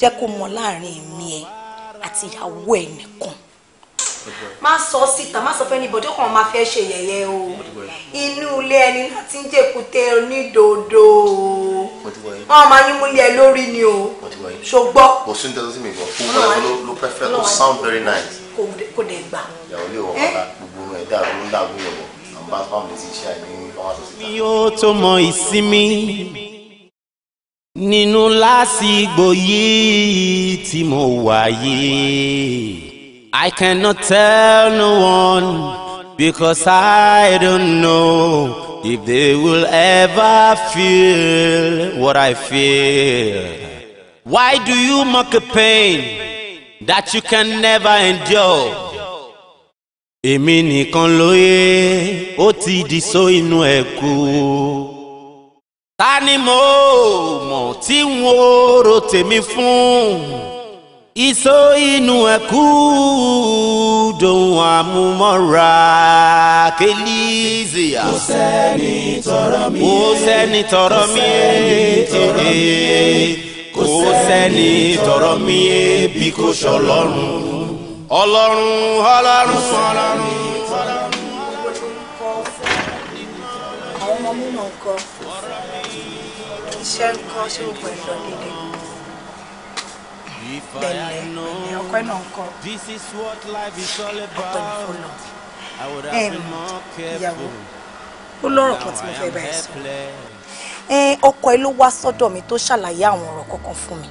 jẹ́ kó mọ láàrin mi ẹ àti ìyàwó ẹ nìkan má sọ síta má sọ fẹ́ ní bọ̀dé kan máa fẹ́ ṣe yẹ̀yẹ́ o inú ilé ẹni láti ń jèkúté onídòdó wọn máa yín múlẹ̀ lórí ni o lọ́wọ́ yìí. ṣogbọ́. kò sí nítorí sí mi gbọ́ fún wọn ló ló perfect sound very nice. kò dẹ̀ gbà. ìyàwó lè wọ ọ̀la gbogbo ẹ̀ dàrú ń dàrú yẹ̀wò àmọ́ bá mi ti ṣe àìní fáwọn àtúnṣe. yóò tó mọ ìsinmi nínú lásìgbò yìí tí mo wà yìí I cannot tell no one because I don't know. if they will ever feel what I feel. Why do you mock a pain that you can never endure? Èmi nìkan ló yé, ó ti di só inú ẹ̀ kú. Ta ni mo mọ̀ tí n ò ro tèmi fún? Ìsó inú ẹ̀ kú dòun àmúmọ́ra kélíìzìyà. Kò sẹ́ni tọrọ mi. Kò sẹ́ni tọrọ mi. Kò sẹ́ni tọrọ mi. Eh, eh, eh kò sẹ́ni tọrọ mi yé bí kò ṣọlọ́run ọlọ́run ọlọ́run ọlọ́run. àwọn ọmọ mímọ kọ iṣẹ́ ń kọ́ sí òpin ìlọ dédé bẹ̀lẹ̀ ọ̀pẹ náà ń kọ́ ọ̀pẹ ní fọlọ́ ẹ̀ẹ́n ìyàwó ó lọ́rọ̀ kan tí mo fẹ́ bá ẹ sọ ọkọ ẹ ló wá sọ́dọ̀ mi tó ṣàlàyé àwọn ọ̀rọ̀ kankan fún mi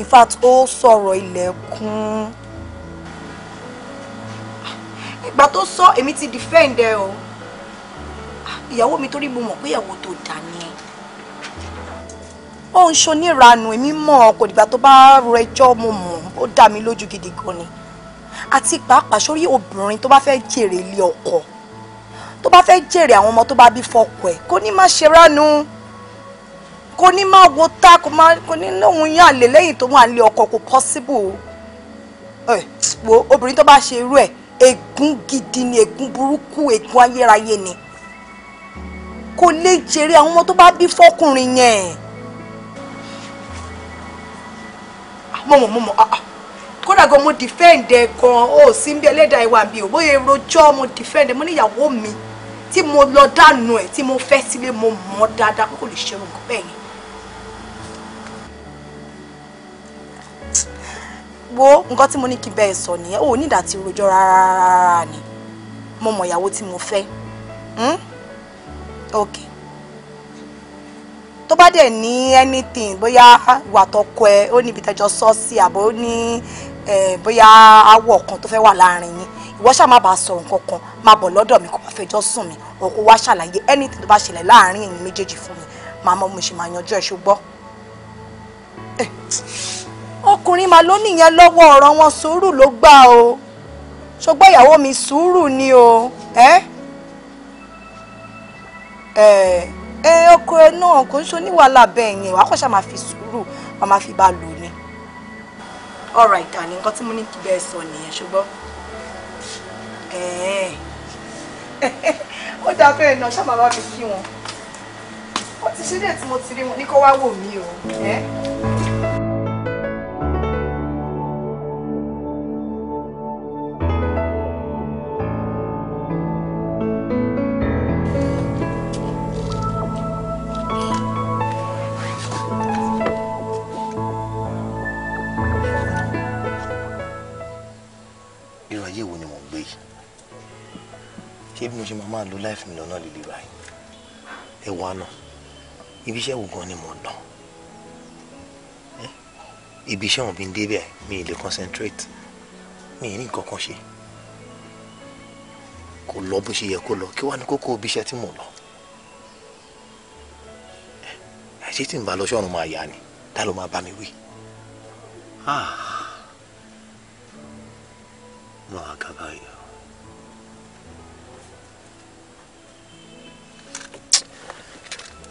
in fact ó sọ̀rọ̀ ilẹ̀kùn ìgbà tó sọ èmi ti defend ẹ o ìyàwó mi torí mo mọ̀ pé ìyàwó tó dà ni ẹ ó ń ṣoníranu èmi mọ̀ kò dìgbà tó bá rẹjọ́ mo mọ̀ ó dá mi lójú gidi gan ni àti pàápàá sórí obìnrin tó bá fẹ́ jèrè ilé ọkọ tó bá fẹ́ jèrè àwọn ọmọ tó bá bí fọkọ ẹ̀ kó ní má ṣe ránu kó ní má wo ta kó ní lóun yàn lè lẹ́yìn tó wà lé ọkọ kò possible ẹ wo obìnrin tó bá ṣe irú ẹ̀ ègún gidi ni egun burúkú egun ayérayé ni kò lè jèrè àwọn ọmọ tó bá bí fọkùnrin yẹn ah, mọ̀mọ̀ mọ̀mọ̀ ah, ah. kódà gan mo defend ẹ̀ gan ó sì ń bí ẹlẹ́dàá ìwà mi ò bóyá rojọ́ mo defend ẹ̀ mo níyàwó mi tí mo lọ dànù ẹ̀ tí mo fẹ́ sílé mo mọ̀ dáadáa kó lè ṣerun nǹkan bẹ́ẹ̀ yẹn. wo nǹkan tí mo ní kí bẹ́ẹ̀ sọ nìyẹn ò ní ìdàtí rojọ́ rárá rárá ni mo mọ̀ ìyàwó tí mo fẹ́ hmm? ok tó bá dẹ̀ ní anything bóyá ìwà tọkọ ẹ ó níbi tẹjọ sọ sí àbó ní eh, bóyá awọ kan tó fẹ́ wà láàrin yín ìwọ ṣáà má bàa sọ nǹkan kan má bọ̀ lọ́dọ̀ mi kó má fẹjọ́ sùn mi o kó wá ṣàlàyé anything tó bá ṣẹlẹ̀ láàrin ẹ̀yin méjèèjì fún mi màá mọ mo ṣe máa yanjú ẹ̀ ṣùgbọ́n. Eh, ọkùnrin màá ló nìyẹn lọ́wọ́ ọ̀rọ̀ wọn sùúrù ló gbà o ṣùgbọ́n ìyàwó mi sùúrù ni o ẹ́ ẹ́ ẹ ọkọ ẹ náà kò ń ṣe oníwàhálà bẹ́ẹ̀ yẹn wàá kọ́ṣà máa fi sùúrù máa fi bá lò ní. all right darling nǹkan tí mo ní kí bẹ́ẹ̀ sọ nìyẹn ṣùgbọ́n ó dáa bẹ́ẹ̀ náà ṣáà máa bá mi kí wọn ó ti ṣe dé tí mo ti rí wọn ní kó wá wò mí o. ṣé bí mo ṣe máa máa lo life mi lọ́nà líle báyìí ẹ wá náà ibi iṣẹ́ wo gan ni mo dán ibi iṣẹ́ wọn bí n débẹ̀ mi lè concentrate mi ní nǹkan kan ṣe kò lọ bó ṣe yẹ kó lọ kí wàá ní kókó ibi iṣẹ́ tí mo lọ àṣé tí n bá lọ sọ́run máa yá ni ta ló máa bá mi wí. Ah. máa kà báyìí.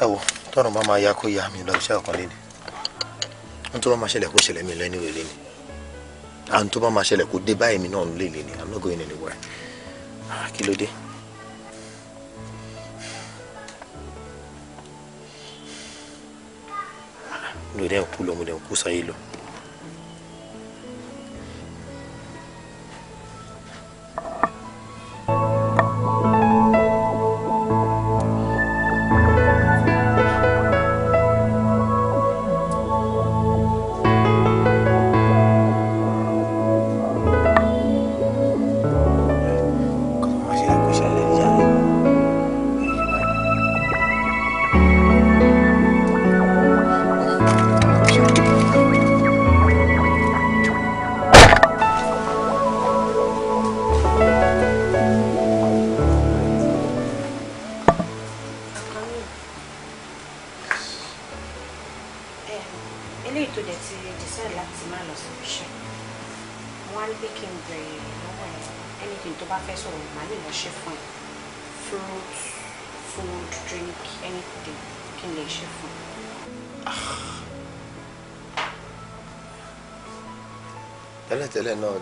ẹ wo tọrọ máa máa ya kó ya mi lọ iṣẹ́ ọ̀kan léde n tó bá máa ṣẹlẹ̀ kó ṣẹlẹ̀ mi lẹ́nu ìwé lẹ́nu à ń tó bá máa ṣẹlẹ̀ kó dé báyìí mi náà lè lẹ́nu i'm not going anywhere ah, kí ló dé. lórí ẹ̀ ń kú lọ́mọdé ń kú sáyé lọ.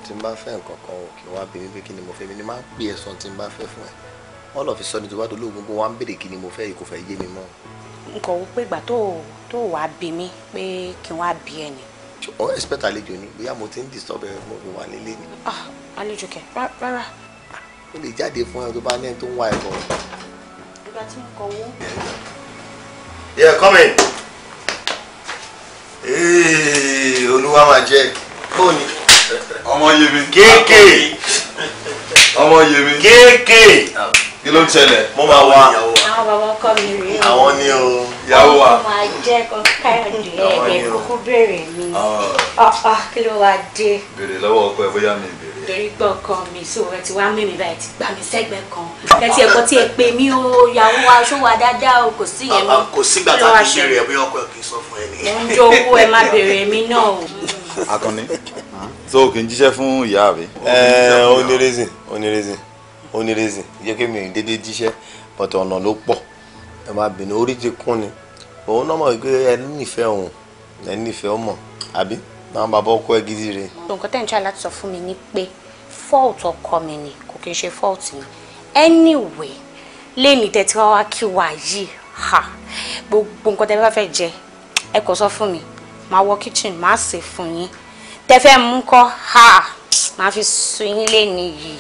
tí n bá fẹ́ nǹkan kan o kì í wá bí mi pé kí ni mo fẹ́ mi ni máa ń pè ẹ̀sán tí n bá fẹ́ fún ẹ all of a sudden tó bá tó lóògùn kó wá ń béèrè kí ni mo fẹ́ yìí kò fẹ́ yé mi mọ́. n kò wò pé ìgbà tó tó wàá bí mi pé kí n wá bí ẹ ni. ọ expect àlejò ni bóyá mo ti ń disturb ẹ mo fi wà nílé ni. Ah, àlejò kẹ rárá. o lè jáde fún ẹ tó bá ní ẹni tó ń wá ẹ bọ. ìgbà tí mo kọ wó. yeah come in. olúwa máa jẹ bóun ọmọ yèmí. kéèké. ọmọ yèmí. kéèké. kí ló ń ṣẹlẹ̀. mo máa wá. àwọn bàbá ọkọ mi rèé o. àwọn ni o. ìyàwó wa. mo máa jẹ́ kó káyọ̀dé ẹ̀ẹ́dẹ̀ kúkú béèrè mi. ọ̀ọ́ ah, ah, kí ló wá dé. béèrè lọ́wọ́ ọkọ ẹ bóyá mi béèrè torí gbọ́ ọkọ mi so ẹ ti wá mímì báyìí ti gbà mí sẹ́gbẹ́ kan ẹ ti tí ẹ pè mí o ìyàwó aṣọ wa dáadáa o kò sí yẹn mọ́ ah, kò sígbà tá a ti bèrè ẹ bí ọkọ ẹ kì í sọ fún ẹ nìyẹn. mo ń jó owó ẹ má bèrè mi náà o akọni so kì í jíṣẹ́ fún ìyá àbí. ẹ onírèzìn onírèzìn onírèzìn jẹ́ kí mi ì dédé jíṣẹ́ bọ̀tọ̀ ọ̀nà ló pọ̀ ẹ máa bìnrin oríje kún ni òun náà mọ̀ pé ẹ nífẹ̀ẹ́ òun ẹ nífẹ̀ẹ́ ọmọ àbí náà bàbá ọkọ ẹ gidi rè. nǹkan tẹ́ ń ṣe láti sọ fún mi ni pé fault ọkọ mi ni kò kí n ṣe fault mi anyway lẹ́ni tẹ́tí wá wá kí wá yìí gbogbo nǹkan tẹ́ bá fẹ́ jẹ ẹ kò sọ fún mi máa wọ kitchen máa sè fún yín tẹ́fẹ́ mú kọ́ ha máa fi sun yín lẹ́nu yìí.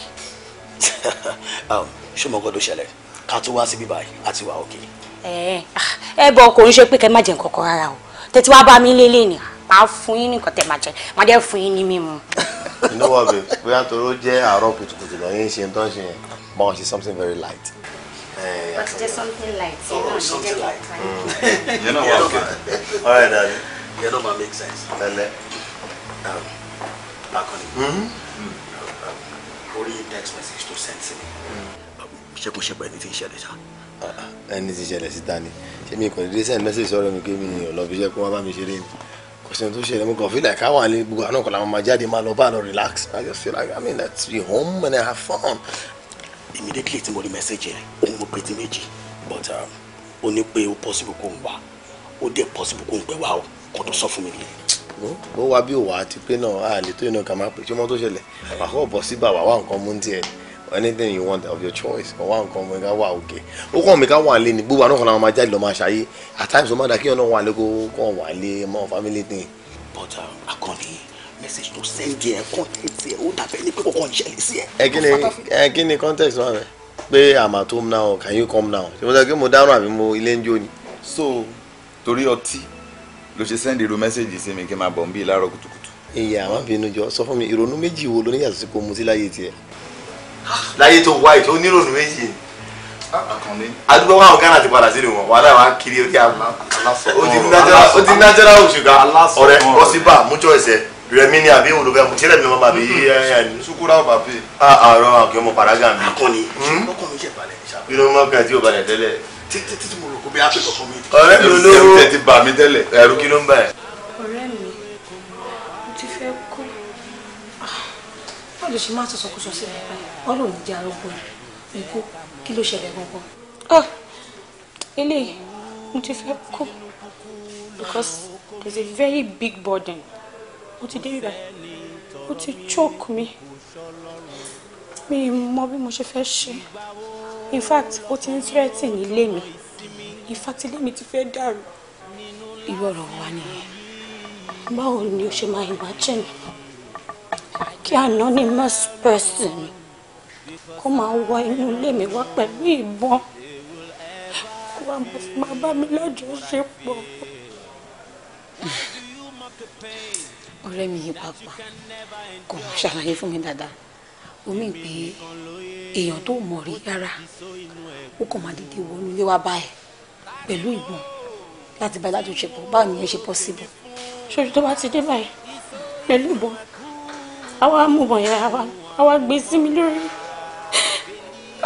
Um, ṣé mo gbọ́dọ̀ ṣẹlẹ̀ ká tó wá síbí báyìí àti wà òkè. Ah, ẹ bọ kò ń ṣe pé kẹ má jẹ nǹkan kan rárá o tètè wá bá mi lélẹ̀ ni máa fún yín nǹkan tẹ máa jẹ máa dẹ́ fún yín ní mímu. inú wọ bẹ bóyá toró jẹ àárọ̀ kùtùkùtù lọ yín ṣe ń tán ṣe yẹn bá wọn ṣe something very light. but just something light. oh something light. you know what Okay. all right darling yẹn ló máa make sense. lẹ́lẹ́. lakoni um, hmm? um, um, orí text message to send sí mi ṣẹ́kun ṣẹ́pẹ́ ní ti ń ṣẹlẹ̀ sá. Ah, ah, ẹni tí ṣẹlẹ̀ síta ni ṣé mi kò ní dé send message sọ̀rọ̀ mi pé mi ò lọ fi ṣẹ́kun wá bá mi ṣeré ni kò sí ohun tó ṣẹlẹ̀ mo kàn fi like káwọn àlè gbogbo àná kan làwọn máa jáde máa lọ bá lọ relax I just feel like I mean let's be home and have fun. immediately tí mo rí message yẹn ẹni mo pè ti méjì but ó ní pé ó possible kó ń wá ó dé possible kó ń pẹ́ wá o kó tó sọ fún mi nìyẹn. bó wá bí òwà àti pé náà a lè tó iná ká máa pè tí ọmọ tó ṣẹlẹ̀ àkọ́kọ́ bọ́ sí bàbá wà nǹkan mú ní tiẹ̀ anything you want of your choice ọ̀ wà nǹkan mú ká wà òkè ó kàn mí ká wà lé ní gbogbo àná kan náà máa jáde lọ́ máa ṣayé at times ó máa dà kí ọ̀nà wà lé kó kàn wà lé mọ́ family thing. but um, akọni message to send yẹ content yẹ ó dàbẹ́ ní pé kọ̀ọ̀kan ìṣẹ̀lẹ̀ sí ẹ. ẹ kí ni context náà rẹ pé I'm at home now can you come now ṣe mo sọ pé mo dáná àbí mo ilé ń jó ni. so torí ọtí ló ṣe sẹ́ndì irú mẹ́sẹ̀gì sí mi kí n máa bọ̀ ń bí i láàárọ̀ kùtùkùtù. ìyá àwọn àbínú jọ sọ fún mi ìrònú méjì wo ló ní yàtọ̀ sí kó mu sí láyé tiẹ̀. láyé tó wá ètò onírònú méjì ah, ni. àdúgbò wa ọ̀gá àti padà sílẹ̀ wọn wàhálà wa kiri ó ti nájára òṣùgà ọ̀rẹ́ rọ́síbà mújọ ẹ̀sẹ̀ rẹmi ni àbí òun ló fẹ́ mu tí rẹmi ló máa bí yíyá sukura ọba pé. àrùn àkẹ́wọ́n paraga mi. akọni hmm? ọkọ mi ṣẹ̀ balẹ̀. kí ló ń mọ̀ kẹ́ balẹ̀ tẹ́lẹ̀ títí tí mo rò kó bí a pè kọ̀ọ̀kan mi. ọ̀rẹ́ mi olówó ẹ̀ ti bà mí tẹ́lẹ̀ ẹ̀rù kí ló ń bà ẹ́. ọ̀rẹ́ mi mo ti fẹ́ kú ah, báwo ló ṣe máa sọ̀sọ̀ kó sọ sí ẹ̀ka ọ̀rọ̀ òní jẹ́ arógbó ikú kí ló ṣẹlẹ̀ gangan. eléyìí ah, mo ti fẹ́ kú because there is a very big burden mo ti dé ibà mo ti choke mi mi mọ bí mo ṣe fẹ́ ṣe in fact ó ti ń tírẹ́tì nílé mi in fact ilé mi ti fẹ́ dàrú. irú ọ̀rọ̀ wa nìyẹn báwo ni o ṣe máa imagine kí anonymous person kó máa wọ inú ilé mi wá pẹ̀lú ìbọn kó wá máa bá mi lọ́jọ́ṣepọ̀. ọ̀rẹ́ mi yìí pàápàá kò máa ṣàlàyé fún mi dáadáa omi gbé èèyàn tó mọ̀ rí rárá ó kàn máa dìde wọnú ilé wa báyìí pẹ̀lú ìbọn láti bá ìdájọṣepọ̀ báwo ni ẹ ṣe possible. ṣojú tó bá ti dé báyìí pẹ̀lú ìbọn àwa amúbọn yẹn àwa àwa gbé sí mi lórí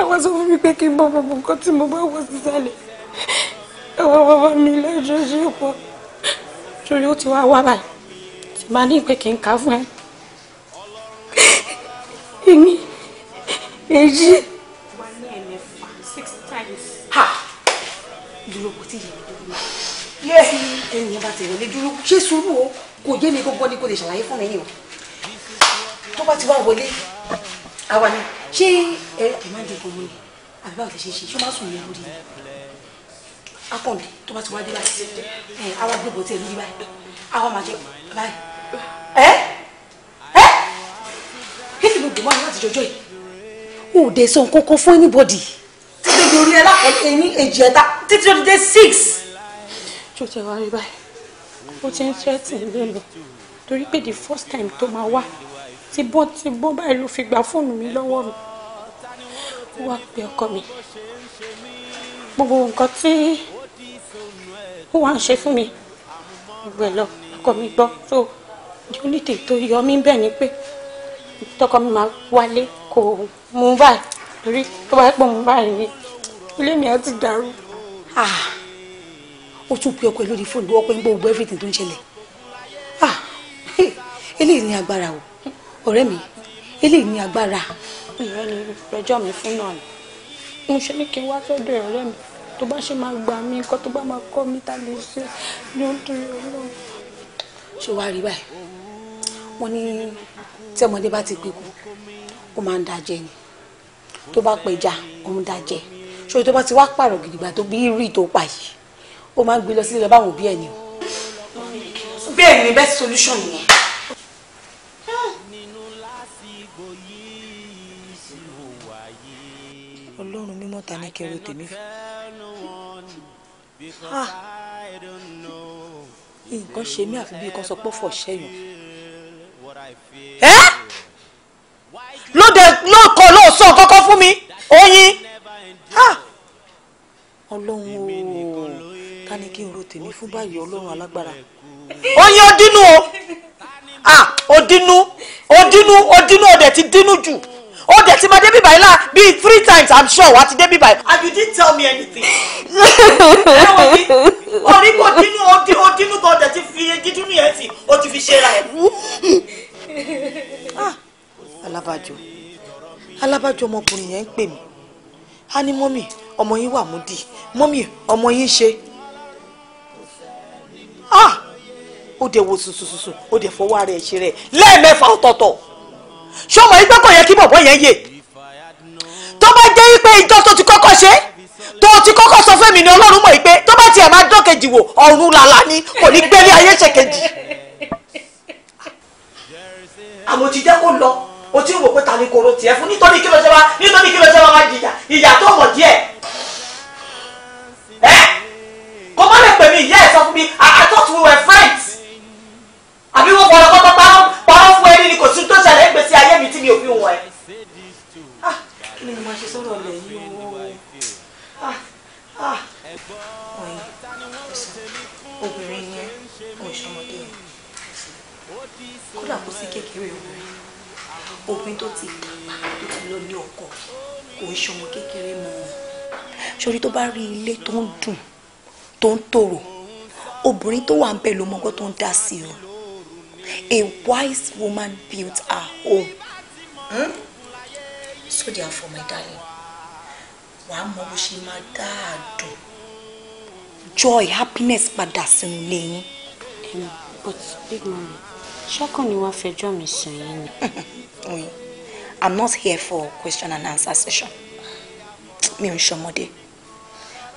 àwa sọ fún mi pé kí n bọ́ bọ́ nǹkan tí mo bá wọ sísàlẹ̀ àwa bàbá mi lẹ́jọ́ṣepọ̀ ṣojú ó ti wá wá báyìí tí màá ní pé kí n kà á fún ẹ. èmi èyí. ha dúró kò yé mi gbogbo ni kò lè ṣàlàyé fún mi o tó bá ti wá wọlé àwa ni ṣé ẹ ẹ máa ń dìbò àbí báwo lè ṣe ṣe ṣé ó máa sùn ní lórí akọ̀ǹdé tó bá ti wá dé báyìí ẹ àwa gbogbo tẹ lórí báyìí àwa máa jẹ báyìí ẹ ẹ kí ni gbogbo mọ́ ni láti jọjọ́ yìí o ò so sọ nǹkan anybody. títí di orí ẹlákọ̀ọ́lẹ̀ ní èjì ẹ̀ta títí di day six. tó tẹ wá rí báyìí ó ti ń ṣẹ́tìn lélọ torí pé the first time tó máa wá ti bọ́ ti bọ́ báyìí ló fi gba fóònù mi lọ́wọ́ mi wá pe ọkọ mi gbogbo nǹkan tí ó wá ń ṣe fún mi gbogbo ẹ̀ lọ ọkọ mi gbọ́ so the only thing tó yọ mí bẹ́ẹ̀ ni pé tọkọ mi máa wálé kò mú báyìí torí tó bá pọ̀ mú báyìí ilé mi á ti dàrú. Ah, ó tún pe ọkọ ẹ lórí fóònù ọkọ ẹ ń gbọ́ gbogbo everything tó ń ṣẹlẹ̀ ah, eléyìí ní agbára o ọ̀rẹ́ mi eléyìí ní agbára. ìrẹ́ ni rẹjọ́ mi fún náà ni mo ṣe ní kí n wá sọ́dọ̀ ọ̀rẹ́ mi tó bá ṣe máa gbà mí nǹkan tó bá máa kọ́ mi ta lè ṣe ní nítorí ọlọ́run. ṣé wàá rí báyìí wọ́n ní tí ọmọdé bá ti gbé kú ó máa ń dajẹ ni tó bá pẹja ó ń dajẹ ṣòro tó bá ti wá pààrọ̀ gidigba tó bí rí tó pa yìí ó máa ń gbé lọ sílé lọ báwọn òbí ẹ̀ ni o. bẹ́ẹ̀ ni best solution yẹn. ọlọ́run mímọ́ ta ní kẹrù tèmi fún nǹkan ṣe mí àfi bí nǹkan sọ pé ó fọ̀ ṣẹ́yìn lóde lóko lóòsàn kọ́kọ́ fún mi oyin ọlọ́run o ká ní kí n ro tèmi fún báyìí ọlọ́run alágbára oyin odinu o ah odinu odinu odinu ọdẹ ti dínú jù ó dẹ̀ ti máa débí báyìí lá bíi three times i'm sure wà á ti débí báyìí. and you didn't tell me anything. orí kò dínú ó dínú tó dẹ̀ ti fi dídúnú yẹn sí ó ti fi ṣe ra ẹ̀ alábàjọ alábàjọ ọmọkùnrin yẹn ń pè mí a ní mọ́mì ọmọ yín wà múdì mọ́mì ọmọ yín ṣe ah ó dẹ̀ wo sùsùsùsù ó dẹ̀ fọwọ́ ara ẹ̀ ṣe rẹ̀ lẹ́ẹ̀mẹ́fà ọ̀tọ̀ọ̀tọ̀ ṣé ọmọ yín gbọ́kàn yẹ kí bọ̀bọ̀ yẹn yè tó bá jẹ́ wípé ìjọ tó ti kọ́kọ́ ṣe tó ti kọ́kọ́ sọ fẹ́mi ni ọlọ́run mọ̀ pé tó bá tiẹ̀ máa dán kejì wò ọ̀run làlá ni kò ní gbélé ayé ṣèkejì àmọ́ ti jẹ́ kó lọ o ti ń wò pé ta ni koro tiẹ̀ fún nítorí kí ló ṣe wá nítorí kí ló ṣe wá wá jìyà ìyà tó mọ̀ díẹ̀ ẹ kò má lè pè mí ìyá ẹ̀ sọ fún mi I thought we were friends àbí wọ́n kọ́ ọ̀rọ̀ kọ́ parọ́ fún ẹni ni kò sí tó ṣẹlẹ̀ ń gbèsè ayé mi tí mi ò fi wọ̀ ẹ́. Ah, kí ni mo máa ṣe sọ́dọ̀ ọ̀lẹ̀ yìí o wọ̀nyí ah, ah. obìnrin yẹn òṣèmọ̀dé kódà kò sí kékeré òun obìnrin tó ti dàgbà tó ti lọ ní ọkọ kò ń ṣọmọ kékeré mọ́ ọ sórí tó bá rí ilé tó ń dùn tó ń tòrò obìnrin tó wà ń bẹ̀ ló mọ́gọ́ tó ń dá sí o a wise woman built her home. Hmm? so for my darling wàá mọ bó ṣe máa dáàdùn joy happiness padà sínú ilé but big mommy ṣọ́kàn ni wàá fẹjọ́ mi sùn yín ni. fún i'm not here for question and answer session Me ò ń ṣọmọdé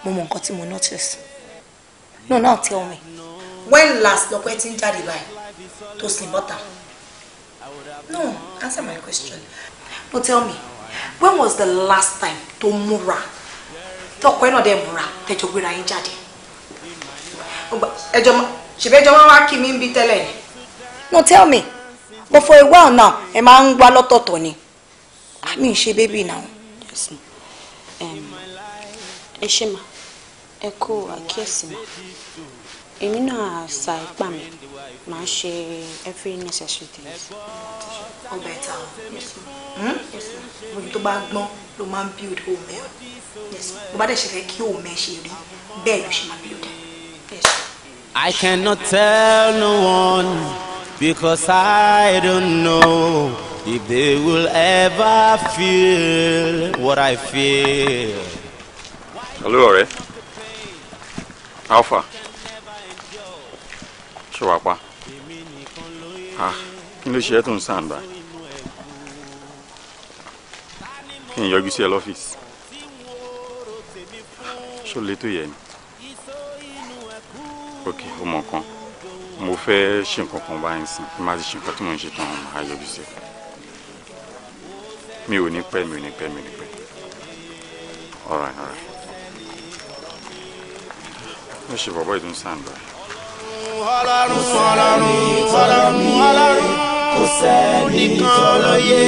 mo mọ notice no now tell me when last lọkọ ẹ ti ń jáde báyìí tó no answer my question no tell me when was the last time to múra tọkọ ẹ náà dẹ múra tẹjọ gbéra yín jáde ẹjọ ṣèbẹjọ máa wá kí mi ń bí no tell me but for a while now ẹ máa ń wá lọ́tọ̀ọ̀tọ̀ ni àmì ah, ń ṣe bébì náà ẹ ṣe mà ẹ kó àkíyèsí mà èmi náà sa ipá mi máa ń ṣe every necessary things. ọbẹ̀ ta ọ tó bá gbọ́n ló máa ń build home ẹ̀ bó bá dẹ̀ ṣe fẹ́ kí home ẹ̀ ṣe rí bẹ́ẹ̀ ló ṣe máa build ẹ̀. I cannot tell no one because I don't know if they will ever feel what I feel. Hello, Ore. How far? Ṣé wàá Ah, kí ló ṣe é tó Can you go Kí the office? Show little lọ́fíìsì. Okay, come on, come mo fẹ́ ṣe nǹkan kan báyìí sìn kí n má ti ṣe nǹkan tí mò ń ṣe tán máa yọjú sí mi ò ní pẹ́ mi ò ní pẹ́ mi ò ní pẹ́ all right all right ó ṣe bọ̀bọ̀ ìdún sàǹdà. ọlọ́run ọlọ́run ọlọ́run ọlọ́run kò sẹ́ni tọ́lọ́ yé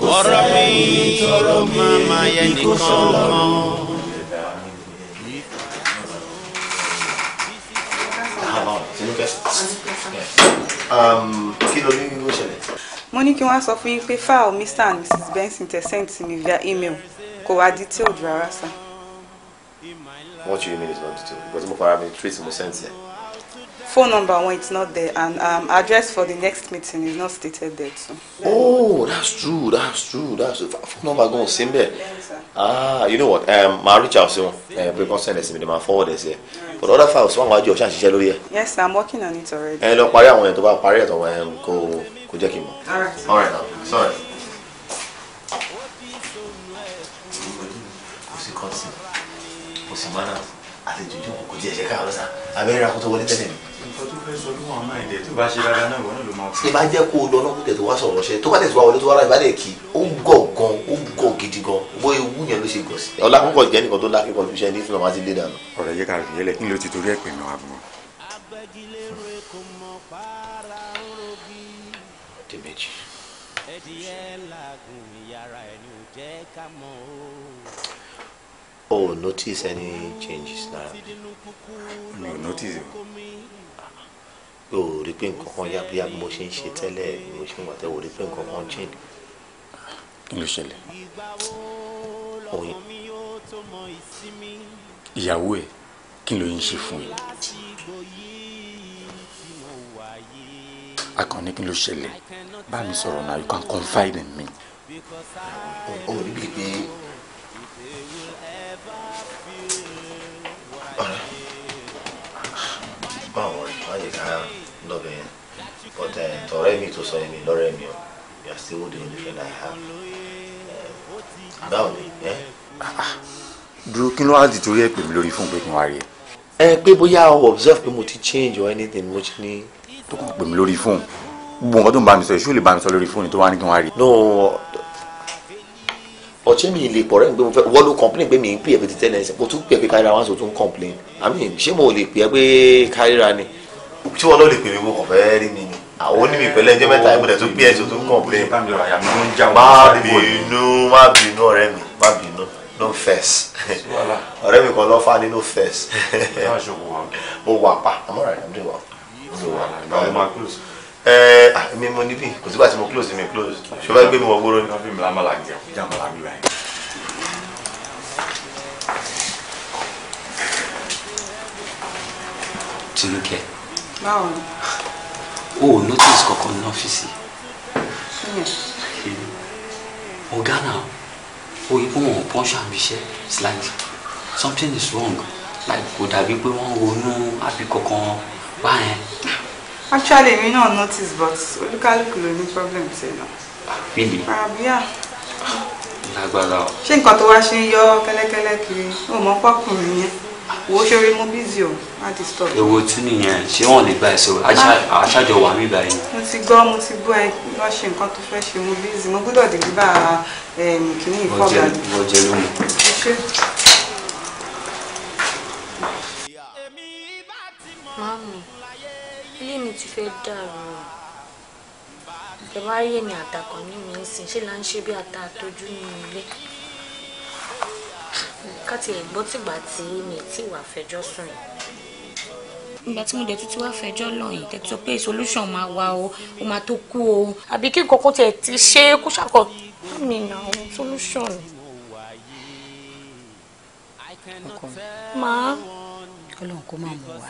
kò sẹ́ni tọ́lọ́ mi kò sọ̀rọ̀ mọ́. Um, kí ló ní ló ṣẹlẹ̀. mo ní kí wọ́n sọ fún yín pé fáwọn mr and mrs benson tẹ sent mi via email kò wá detailed rárá sá. what you mean is not detailed because mo fara mi treat mo sent yẹn. phone number one it's not there and um, address for the next meeting is not stated there too. oh that's true that's true that's true phone number gan sin ah you know what um, ma richard out sí wọn eh, bí wọ́n send ẹ̀ sí mi dem ma forward ẹ̀ sí ẹ̀ but other files wọn wájú ọ̀ṣà ń ṣiṣẹ́ lórí ẹ. yes i'm working on it already. ẹ eh, lọ parí àwọn yẹn tó bá parí ẹ̀tọ́ wọn um, kò kò jẹ́ kí n mọ̀. all sorry ìbá jẹ́ kó o lọ lọ́kùn tẹ̀ wá sọ̀rọ̀ ṣe tó bá tẹ̀síwá wọlé tó wá ráyè bá lè kí ó ń gọ̀ gan ó ń gọ̀ gidi gan bó ewu yẹn ló ṣe gọ̀ sí. ọlá kúkọ jẹ́ nìkan tó lákì kan fiṣẹ́ ní fúnra wá sí lédà ọ̀rọ̀ yẹ ká rí yẹlẹ̀ nílò ti torí ẹ̀pẹ̀ náà àbúrò. tèmẹ́jì oh notice any changes now. No, notice o o rí pé nǹkan kan yá bí mo ṣe ń ṣe tẹ́lẹ̀ mo ṣe ń wà tẹ́wọ̀ rí pé nǹkan kan change. ló ṣẹlẹ̀. ìyàwó ẹ kí ló ń ṣe fún ẹ. akànnì kí ló ṣẹlẹ̀ bá mi sọ̀rọ̀ náà you can confide in me. o rí bíi pé Nigerian lọ́bẹ̀ yẹn but eh, tọ̀rẹ́ mi tó sọ yẹn mi lọ́rẹ́ mi o you are still the only friend I have. Eh, báwo ni ẹ. Eh? dúró kí ló wá di torí ẹ pè mí lórí fún pé kí n wá rí ẹ. ẹ pé bóyá o observe pé mo ti change or anything mo ti ní. tó kàn pè mí lórí fóònù gbogbo nǹkan tó ń bá mi sọ èso lè bá mi sọ lórí fóònù tó wá ní kí n wá rí. no ọ̀chẹ́ mi lè pọ̀ rẹ́ ń gbé mo fẹ́ wọ́n ló complain pé mi ń pè é pé ti tẹ́lẹ̀ ẹsẹ̀ mo tún pè é pé káríra wọn sọ tún complain i mean ṣé mo lè pè é pé káríra ni tí wọn náà lè pè mí mo kàn fẹ́ rí mi ni àwọn onímì ìpẹ́lẹ́ ẹjọ́ mẹ́ta ìmúdẹ̀ tó bí ẹ̀sùn tó ń kàn pé má bínú má bínú ọ̀rẹ́ mi má bínú no fess ọ̀rẹ́ mi kan lọ fà ní no mo wà pa àmọ́ra rẹ̀ ọdún wa ọdún ẹ mi mo níbí kò sígbà tí mo close mi close ṣé gbé mi wọ gbóró ni. Tinúkẹ́ báwo ni. o ò notice kankan ní ọ́fíìsì. ọ̀gá náà òyìnbó wọn pọ́ńṣà mi ṣe it's like something is wrong like kò dàbí pé wọ́n ronú àbí kankan báyẹn. actually mi náà notice but olúkálùkù ló ní problem ṣe náà. really. àbí à lágbára o. ṣé nǹkan tó wá ṣe ń yọ kẹ́lẹ́kẹ́lẹ́ kiri ó mọ pọ́kùnrin yẹn wo ṣeré mo bízì o má disturb. èwo tí nìyẹn ṣé wọn lè gba ẹ sọ̀rọ̀ aṣáájọ wà mí báyìí. mo ti gbọ́ mo ti gbọ́ ẹ lọ ṣe nǹkan tó fẹ́ ṣe mo bízì mo gbọ́dọ̀ dìbíbà ehm, kìíní ìfọ̀gbà. wọ́n jẹ lómi. mami ilé mi ti fẹ́ dàrú ìjọba ayé mi àtàkàn ní mi ń sìn ṣé là ń ṣe bí ata àtọ́jú nínú ilé ká ti ẹ̀ gbọ́ tìgbà tí mi ti wà fẹjọ́ sùn yìí. nígbà tí mo dẹ̀ tún wá fẹjọ́ lọ yìí tẹ̀ sọ pé solution máa wà o ó máa tó kú o àbí kí nǹkan kan tiẹ̀ ti ṣe é kó ṣàkọ mi nà ó solution. ọkọ máa. ọlọ́run kó máa mú wa.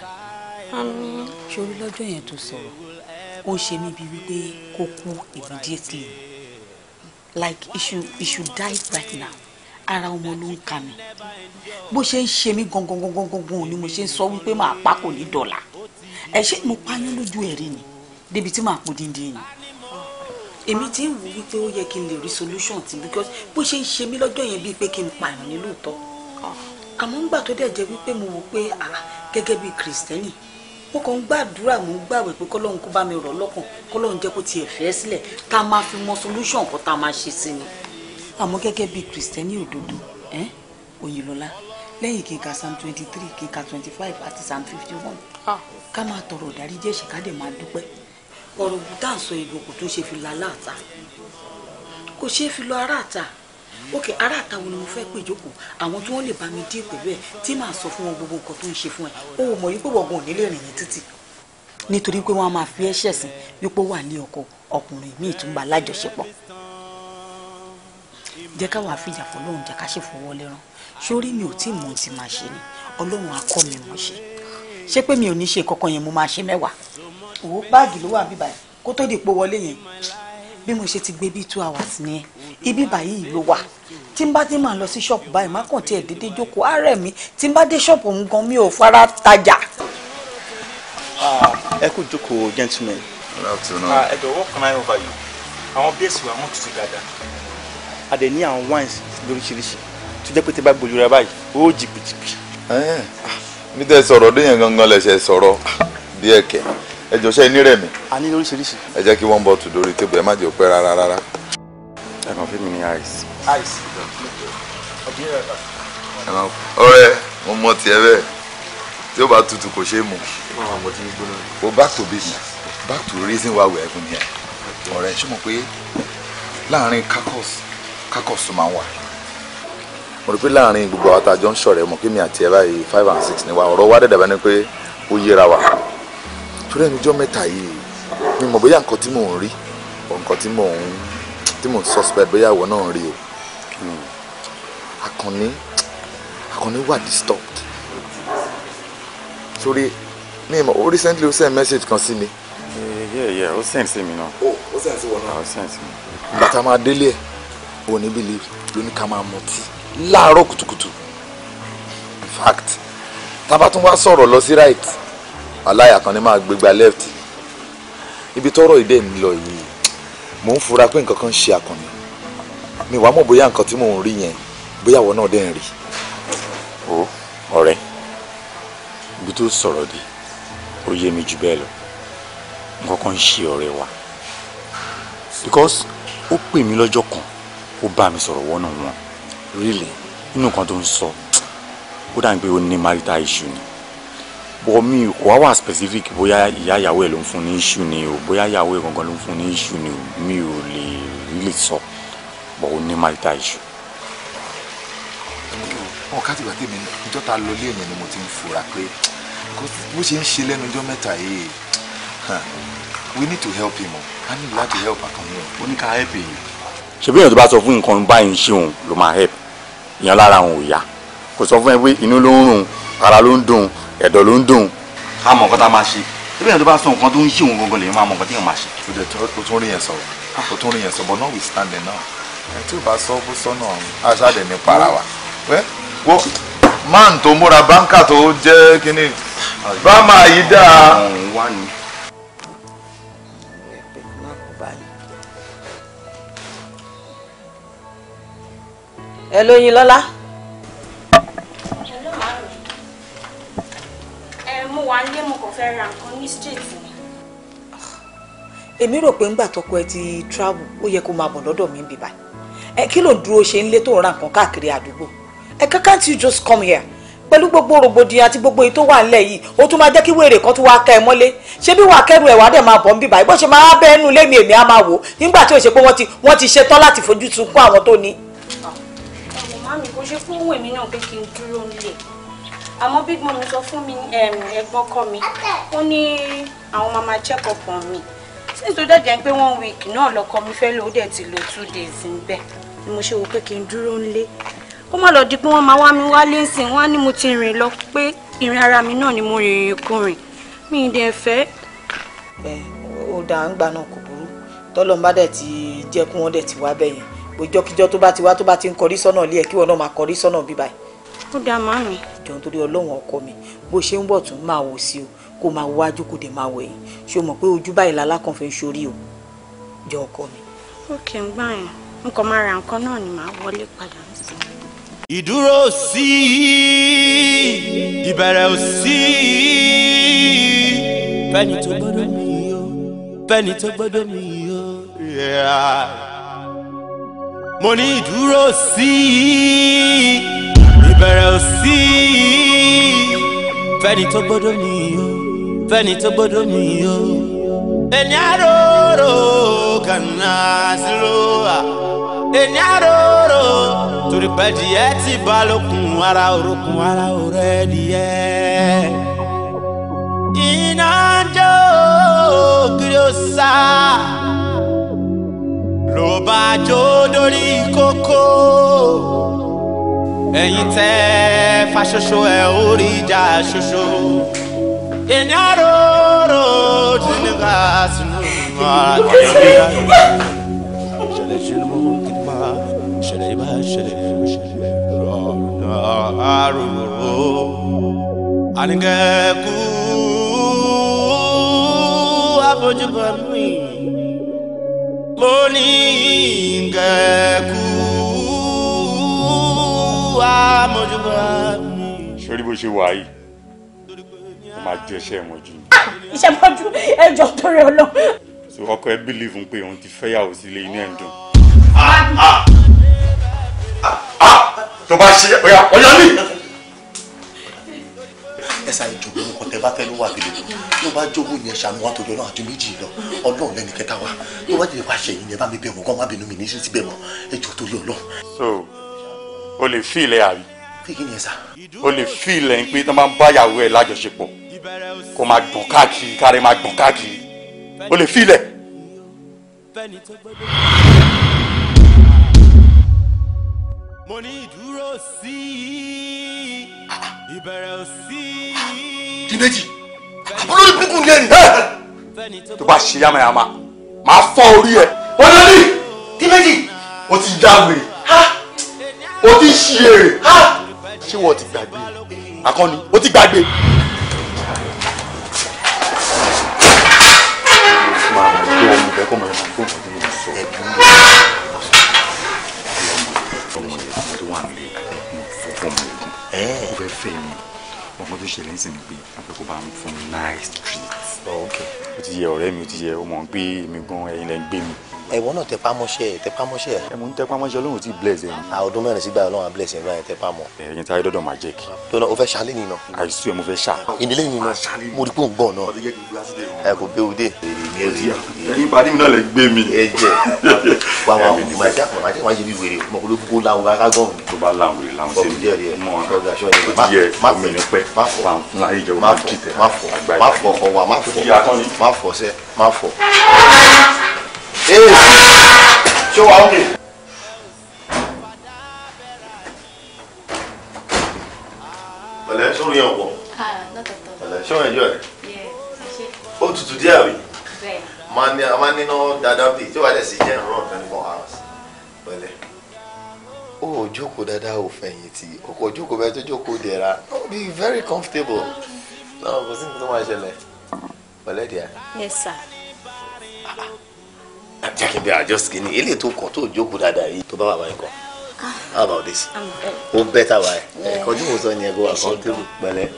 àmín. ṣorí lọ́jọ́ yẹn tó sọ̀rọ̀ ó ṣe mí bíi wípé kó kú immediately like it should, it should die right now ara ọmọ ló ń ka mi bó ṣe ń ṣe mí gangan ni mo ṣe ń sọ wípé màá pa kò ní dọ̀là ẹ mo payán lójú ẹ̀rí ni débi tí màá po díndín yìí èmi ti ń wù wípé ó yẹ kí n lè rí solution ti because bó ṣe ń ṣe mí lọ́jọ́ yẹn bíi pé kí n pààyàn ní lóòótọ́ àmọ́ ń gbà tó dẹ̀ jẹ́ wípé mo wò pé gẹ́gẹ́ bíi kìrìsìtẹ́nì mo kàn ń gbàdúrà mo ń gbàwẹ̀ pé kọ́lọ́run kó bá mi rọ̀ lọ́kàn kọ́lọ́run jẹ́ kó tiẹ̀ fẹ́ sílẹ̀ ká máa fi mọ solution kan tá a ṣe sí ni àmọ́ gẹ́gẹ́ bíi kìrìsìtẹ́nì òdodo òyìnlọ́lá lẹ́yìn kí psalm twenty three kí twenty five àti psalm fifty one ah. ká máa tọrọ ìdárí jẹ́ ká dẹ̀ máa dúpẹ́ ọ̀rọ̀ ògùn ń sọ ìgbòkùn tó ṣe fi la láàta kò ṣeé fi lọ aráàta òkè aráàta wo ni mo fẹ́ pè jókòó àwọn tí wọ́n lè bá mi dín pẹ̀lú ẹ̀ tí màá sọ fún wọn gbogbo nǹkan tó ń ṣe fún ẹ ó wò mọ̀ yín pé wọ̀gbọ̀n ò nílé rìn yín títì nítorí pé wọ́n á máa fi ẹ́ ṣẹ̀sìn wípé ó wà ní ọkọ ọkùnrin míì tún bá lájọṣepọ̀ jẹ́ ká wàá fìyà fọlọ́run jẹ́ ká ṣe fọwọ́ lẹ́rán sórí mi ò tí mò ń ti máa ṣe ni ọlọ́run á kọ́ mi mọ̀ ṣe ṣé pé mi ò ní ṣe kankan yẹn mo máa ṣe mẹ́wàá òwò báàgì ló wà bíbáyìí kó tó di pò wọlé yẹn bí mo ṣe ti gbé bíi two hours nìyẹn ibi báyìí ló wà tí n bá ti máa lọ sí ṣọ́ọ̀pù báyìí má kàn tiẹ̀ dédé jókòó àárẹ̀ mi tí n bá dé ṣọ́ọ̀pù òun gan mi ò fara tajà. Ah, ẹ kú jókòó gentleman. Ah, ẹ jọ̀wọ́ can I over you àwọn bíẹ́sì wa wọ́n tutù dáadáa a dẹ̀ ní àwọn wines lóríṣiríṣi tó jẹ́ pé tẹ́ bá gbòòrò rẹ báyìí ó jìgbìjìgbì. mi tẹ sọ̀rọ̀ déyàn gangan lẹsẹ sọ̀rọ̀ bí ẹkẹ ẹ jọ ṣe ní rẹmi. a ní lóríṣiríṣi. ẹ jẹ́ kí wọ́n bọ̀ tù lórí tébù ẹ má jẹ́ òpẹ́ rárá rárá. ẹ kàn fún mi ní ice. ice ọ̀rẹ́ mo mọ tiẹ̀ bẹ́ẹ̀ tí ó bá tutù kò ṣeé mu. Ah, o back to business back to reason why we are even here. ọ̀rẹ́ ṣé mo pé láàrin kakọ́sì kákọ̀sùn máa ń wà mo rí pé láàrin gbogbo àwọn àtàjọ ń ṣọ̀rẹ́ mọ̀ kí mi àti ẹ̀ báyìí five and six ni wa ọ̀rọ̀ wa dẹ̀dẹ̀ bá ní pé ó yẹra wa torí ẹni jọ́ mẹ́ta yìí mi mọ̀ bóyá nǹkan tí mò ń rí ọ̀ nǹkan tí mò ń tí mò ń suspect bóyá ìwọ náà ń rí o Àkànní Àkànní wà disturbed torí mi mọ̀ ó recently ó send message kan sí mi. yeah yeah ó send sí mi náà. ó oh, ó send sí wọn náà. Ah, ó send sí mi. bàtà máa délé ẹ̀ bọ̀ níbi lè lóní ká máa mutí láàárọ̀ kùtùkùtù in fact tá a bá tún wá sọ̀rọ̀ lọ sí right aláya kan ní máa gbégbá left ibi tọ́rọ̀ ìdẹ ń lọ yìí mò ń fura pé nǹkan kan ń ṣe àkànní mi wàá mọ̀ bóyá nǹkan tí mò ń rí yẹn bóyá wọn náà dẹ̀ rí. o ọ̀rẹ́ ibi tó sọ̀rọ̀ dé ó yé mi jù bẹ́ẹ̀ lọ nǹkan kan ń ṣe ọ̀rẹ́ wa because ó pè mí lọ́jọ́ kan ó bá mi sọ̀rọ̀ wọ́nà wọn really nínú nǹkan tó ń sọ ó dàbí pé ó ní marital issue ni bọ́ mi kò wá wà specific bóyá ìyá ìyàwó ẹ̀ ló ń fún ní issue ni o bóyá ìyàwó ẹ̀ gangan ló ń fún ní issue ni o mi ò lè really sọ bọ́ ó ní marital issue. wọn ká tìgbà tèmi níjọ́ ta lọ léèmí ni mo ti ń fura pé bó ṣe ń ṣe lẹ́nu ọjọ́ mẹ́ta yìí we need to help him o i need you to help akànmí o. ó ní ká help èyí ṣebí èèyàn tó bá sọ fún nǹkan báyìí ń ṣe òun ló máa help ìyẹn lára òun ò yá kò sọ fún ẹ pé inú ló ń rùn ara ló ń dùn ẹ̀dọ̀ ló ń dùn ká mọ̀ nǹkan tá a máa ṣe ṣebí èèyàn tó bá sọ nǹkan tó ń ṣe òun gangan lèyìn máa mọ̀ nǹkan tí èèyàn máa ṣe. o tún rí yẹn sọ o ah. tún rí yẹn sọ but not withstanding náà ẹ tí o bá sọ bó sọ náà aṣáájú ní para wa wọ máà tó múra báńkà tó jẹ́ kínní ah. bá máa yí dáa. ẹ lóyin lọ́lá. ẹ mú wa nílé mo kàn fẹ́ ra nǹkan ní street ni. èmi rò pé ńgbà tọkọ ẹ ti travel ó yẹ kó máa bọ̀ lọ́dọ̀ mi bíbá ẹ kí ló dúró ṣe ń lé tó ń ra nǹkan káàkiri àdúgbò ẹ can't you just come here pẹ̀lú gbogbo rògbòdìyàn àti gbogbo èyí tó wà nílẹ̀ yìí ó tún máa jẹ́ kí wèrè kan tún wá ká ẹ mọ́lé ṣé bí wàá kẹ́rù ẹ̀ wá dẹ̀ máa bọ̀ ń bíbá ìbọn ṣe máa bẹ́ẹ̀ nù lémi èmi á máa wò nígbà tí ò ṣe pé wọ́n ti ṣetán láti fojú sunkún àwọn tó ní mọ́mí kò ṣe fún òun èmi náà pé kí n dúró nílé àmọ́ big mọ́mí sọ fún mi ẹ̀gbọ́n kọ́ mi ó ní àwọn máa máa check up on mi since tó dẹ̀jẹ̀ pé one week náà lọ́kọ mi fẹ́ lò ó dẹ̀ ti lò two days níbẹ̀ ni mo ṣe wò pé kí n dúró nílé kó má lọ di pé wọ́n máa wá mi wálé ńsìn wọ́n á ní mo ti rìn lọ pé ìrìn ara mi náà ni mo rìn rìn kún rìn mi ì dẹ̀ fẹ́. ẹ ò dà ń gbaná kò burú tọ́lọ́mbá dẹ̀ ti jẹ́ kí wọ́n dẹ̀ ti wá bẹ́yẹn ìjọkíjọ tó bá ti wá tó bá ti ń kọrí sọ́nà ilé ẹ̀ kí wọn náà máa kọrí sọ́nà bíbá ẹ̀. ó dá màmí. jọ nítorí ọlọ́run ọkọ mi bó ṣe ń bọ̀ tún máa wò sí o kó máa wájú kó dé máa wò yìí ṣé o mọ̀ pé ojú báyìí lálá kan fẹ́ sórí o jọ ọkọ mi. ó kì í gbà yẹn n kò máa ra nǹkan náà ni màá wọlé padà sí. ìdúró sí ìbẹ̀rẹ̀ ò sí fẹ́ni tó gbọ́dọ̀ mi yó fẹ́ni tó gbọ́dọ̀ mi yó mo ní ìdúró sí i ìbẹ̀rẹ̀ ò sí i fẹ́ni tó gbọ́dọ̀ mi o fẹ́ni tó gbọ́dọ̀ mi o ẹni àròrò kàná sílò à ẹni àròrò torí pé díẹ̀ ti bá lókun ara orókun ara òrẹ́ díẹ̀ iná jó kiri ó sá ló bá jó dórí kókó ẹ̀yin tẹ́ fa ṣoṣo ẹ̀ orí ìjà ṣoṣo ẹni àròrò tí ní ká sínú ọ̀rọ̀ ṣẹlẹ̀ ṣẹlẹ̀ mọ́ kíkpá ṣẹlẹ̀ ibà ṣẹlẹ̀ ṣẹlẹ̀ rọ̀ àròrò àníkẹ́ àbójúbọ̀ mi mo ní ìgẹ̀kú amójúbà. sori bó ṣe wà yìí ó máa jẹ iṣẹ́ ìmọ̀jú. Ah! iṣẹ́ ìmọ̀jú ẹjọ́ torí ọlọ. so ọkọ ẹ bílíìfù pé òun ti fẹ́yàwó sílé inú ẹ̀ ń dùn. Ah! Ah! tó bá ṣe ọ̀yà ọ̀yà mi ẹ sáré ọkọ tẹ bá fẹ́ ló wà gidi ló bá jogún yẹn ṣàmú wa tọjọ náà àti méjì lọ Ọlọ́run lẹni kẹta wa ló bá jẹ wá ṣẹyìn yẹn bá mi bẹ wọn kọ má bínú mi ní sísí bẹ mọ ẹ jọ torí Ọlọ́run. so o lè fi ilẹ̀ àrí. fi kí ni ẹ sá. o lè fi ilẹ̀ ń pé tó máa ń bá ìyàwó ẹ lájọṣepọ̀ kó máa gbọ̀n káàkiri kárẹ́ máa gbọ̀n káàkiri o lè fi ilẹ̀. mo ní ìdúró sí i ìbẹ̀rẹ̀ sí i méjì olórí burúkú ni ẹni tó bá ṣe yamayama máa fọ́ orí ẹ olórí kí méjì o ti já wèrè o ti ṣí èrè ṣé wọ́n ti gbàgbé akọni o ti gbàgbé. fẹ́ nǹkan nice treat ẹ̀wọ̀n náà tẹpá mọ́ṣẹ́ tẹpá mọ́ṣẹ́. ẹ mò ń tẹpá mọ́ṣẹ́ Ọlọ́run ti bless ẹ. a ọdún mẹ́rin sígbà Ọlọ́run á bless ẹ báyìí tẹpá mọ́. ẹyin tí ayédọ́dọ̀ máa jẹ́ kí. tọ́nà o fẹ́ ṣalé nìyẹn. àìsí ẹ mo fẹ́ ṣá. ìdílé yìí náà mo rí pé ń gbọ́ náà. ẹ kò bẹ́ẹ̀ òde. ẹyin padì mi náà lè gbé mi. ẹ jẹ wà wà máa jẹ bí wèrè mọ̀kúlógún láwọn akágọ́ mi. tó bá láwọn wèrè láwọn sẹ́mi mọ̀ ọ́ ó ti yẹ omi ní pẹ́ má fọ fún ayé ìjọba má fọ má fọ ọwà má fọ má fọ sẹ́ má fọ ee ṣé wàá òkè. pẹ̀lẹ́ sórí yẹn wọ pẹ̀lẹ́ ṣé wọn ẹjọ rẹ ó tutù díẹ̀ àbí máa níná dáadáa bíi tí wàá dẹ̀ sí jẹ́ ìrànlọ́wọ́ twenty four hours pẹ̀lẹ́ ó ò jókòó dáadáa ò fẹ̀yìntì ọkọ̀ jókòó bẹ́ẹ̀ tó jókòó dẹ̀ra ó be very comfortable náà kò sí nǹkan tó máa ṣẹlẹ̀ pẹ̀lẹ́ díẹ̀. yes sir jákèjá àjọsí kìíní eléyìí tó kọ tó jókòó dáadáa yìí tó bá wà báyìí kọ ah. how about this ó bẹ́tà wá ẹ̀ kọjú mo sọ yẹn kó wà kọ́ tébù pẹ̀lẹ́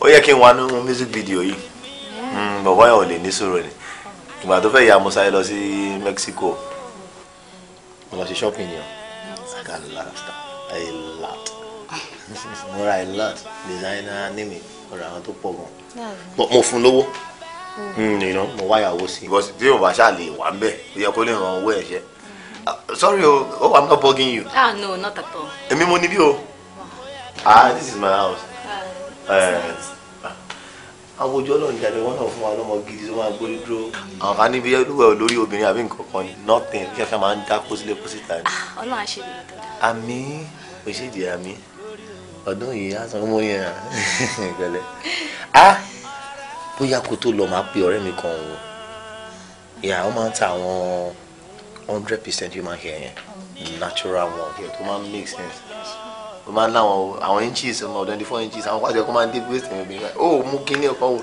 ó yẹ kí n wá nínú music video yìí mm, bàbá yẹn ò lè ní sọ̀rọ̀ ni ìgbà tó fẹ́ ya musa yẹn lọ sí Mexico mo lọ ṣe shopping yẹn I got a lot of stuff a lot mo ra a lot designer name mo ra àwọn tó pọ̀ gan mo fún lówó. Hmm, nìyẹn mo wáyàwó sí. because tí yorùbá ṣáà lè wà ń bẹ̀ ó yẹ kó lè ràn owó ẹ̀ ṣẹ́ ah, sorry o oh, i'm not bugging you. ah no not at all. èmi mo níbí o ah this is my house. Ah, eh, ah, àwọn ojú ọlọ́run jáde wọ́n náà fún wa lọ́mọ gidi tó máa gbórí dúró. àwọn kan níbi olúwẹ̀ olórí obìnrin àbí nǹkan kan ni nothing bí ẹ̀fẹ̀ máa ń dá kó sílé kó síta ni. ọlọ́run àṣẹ mi tó dáa. àmì òṣèdè àmì ọdún yìí á san owó yẹn à gbẹlẹ bóyá kó tó lọ máa pe ọ̀rẹ́ mi kan o ìyá ọ máa ń ta àwọn hundred percent human hair yẹn natural one hair tó máa ń make sense ó máa ń láwọn àwọn inches ọmọ twenty four inches àwọn pàṣẹ kó máa ń dé waist ẹ̀mí obìnrin ó mú kíní ọkọ wò.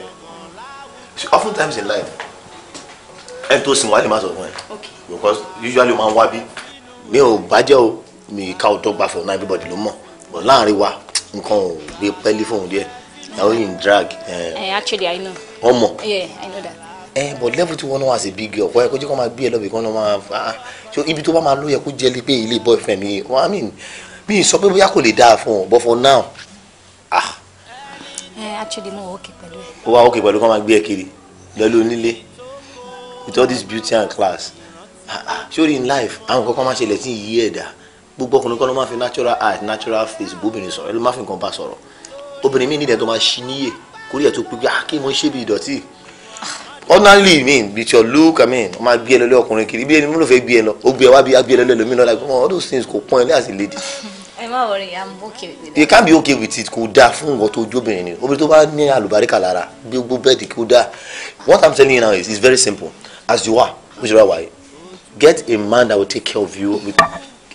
oftentimes in life ẹ tó sin wàá lè má sọ fún ẹ because usually o máa ń wá bí mi ò bá jẹ́ o mi ká o tó gbà fún náà everybody ló mọ̀ but láàrin wa nǹkan ò gbé pẹ́lí fóun díẹ̀ ìyàwó yìí ń drag. Eh, actually i know. ọmọ. yeah i know that ẹ eh, but level two one was a big girl kọ́ ẹ kó jẹ́ kó máa gbé ẹ lọ́bì kan náà máa fa so ibi tó bá máa ló yẹ kó jẹ́ lé pé ilé boyfriend ni i mean mi sọ pé bóyá kò lè dáa fún ọ but for now ah. ẹ eh, actually mo wà òkè pẹ̀lú ẹ. ó wà òkè pẹ̀lú kó máa gbé ẹ kiri lọ́lé onílé with all this beauty and class ah ah surely in life àwọn kankan máa ṣẹlẹ̀ tí ì yí ẹ̀dá gbogbo ọkùnrin kan ló máa fi natural eye natural face bóbìnrin sọ̀rọ̀ ẹ ló máa fi nǹkan bá sọ̀rọ̀ obìnrin mi nílẹ̀ tó máa ṣí níyè kórè ẹ̀ tó pé ah kí mo ṣe bí ìdọ̀tí ordinarily mean with your look i mean ọmọ agbé ẹ ọkùnrin kiri bí ẹni mo ló fẹ́ gbé ẹ lọ ó gbé ẹ wá bí agbé ẹ lọlé ẹlòmíràn like oh, all those things kò pọ́n ẹ àti lady. ẹ má worry i'm okay with it. you can be okay with it kò dáa fún nǹkan tó jóbìnrin ni obìnrin tó bá ní àlùbáríkà lára gbogbo bẹ́ẹ̀dì kò dáa what i'm telling you now is is very simple as you are mo ṣe ra get a man that will take care of you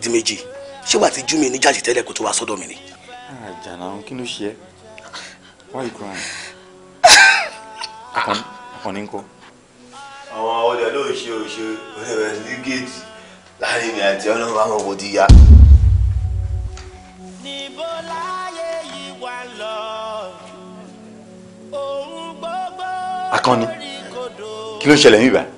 di méjì ṣé wàá ti jú mi ní jáde tẹ́lẹ̀ kó tó wá sọ́dọ̀ mi ni. àjànà òun kí ló ṣe ẹ́ why you crying ọkùnrin kọ. àwọn olè ló ń ṣe òṣè olè bẹ̀rẹ̀ sí géètì láàrin mi àti ọlọ́run àwọn kò ti ya. níbo láyé yìí wà lọ òun gbogbo orí kodò. akọni kí ló ń ṣẹlẹ̀ níbà.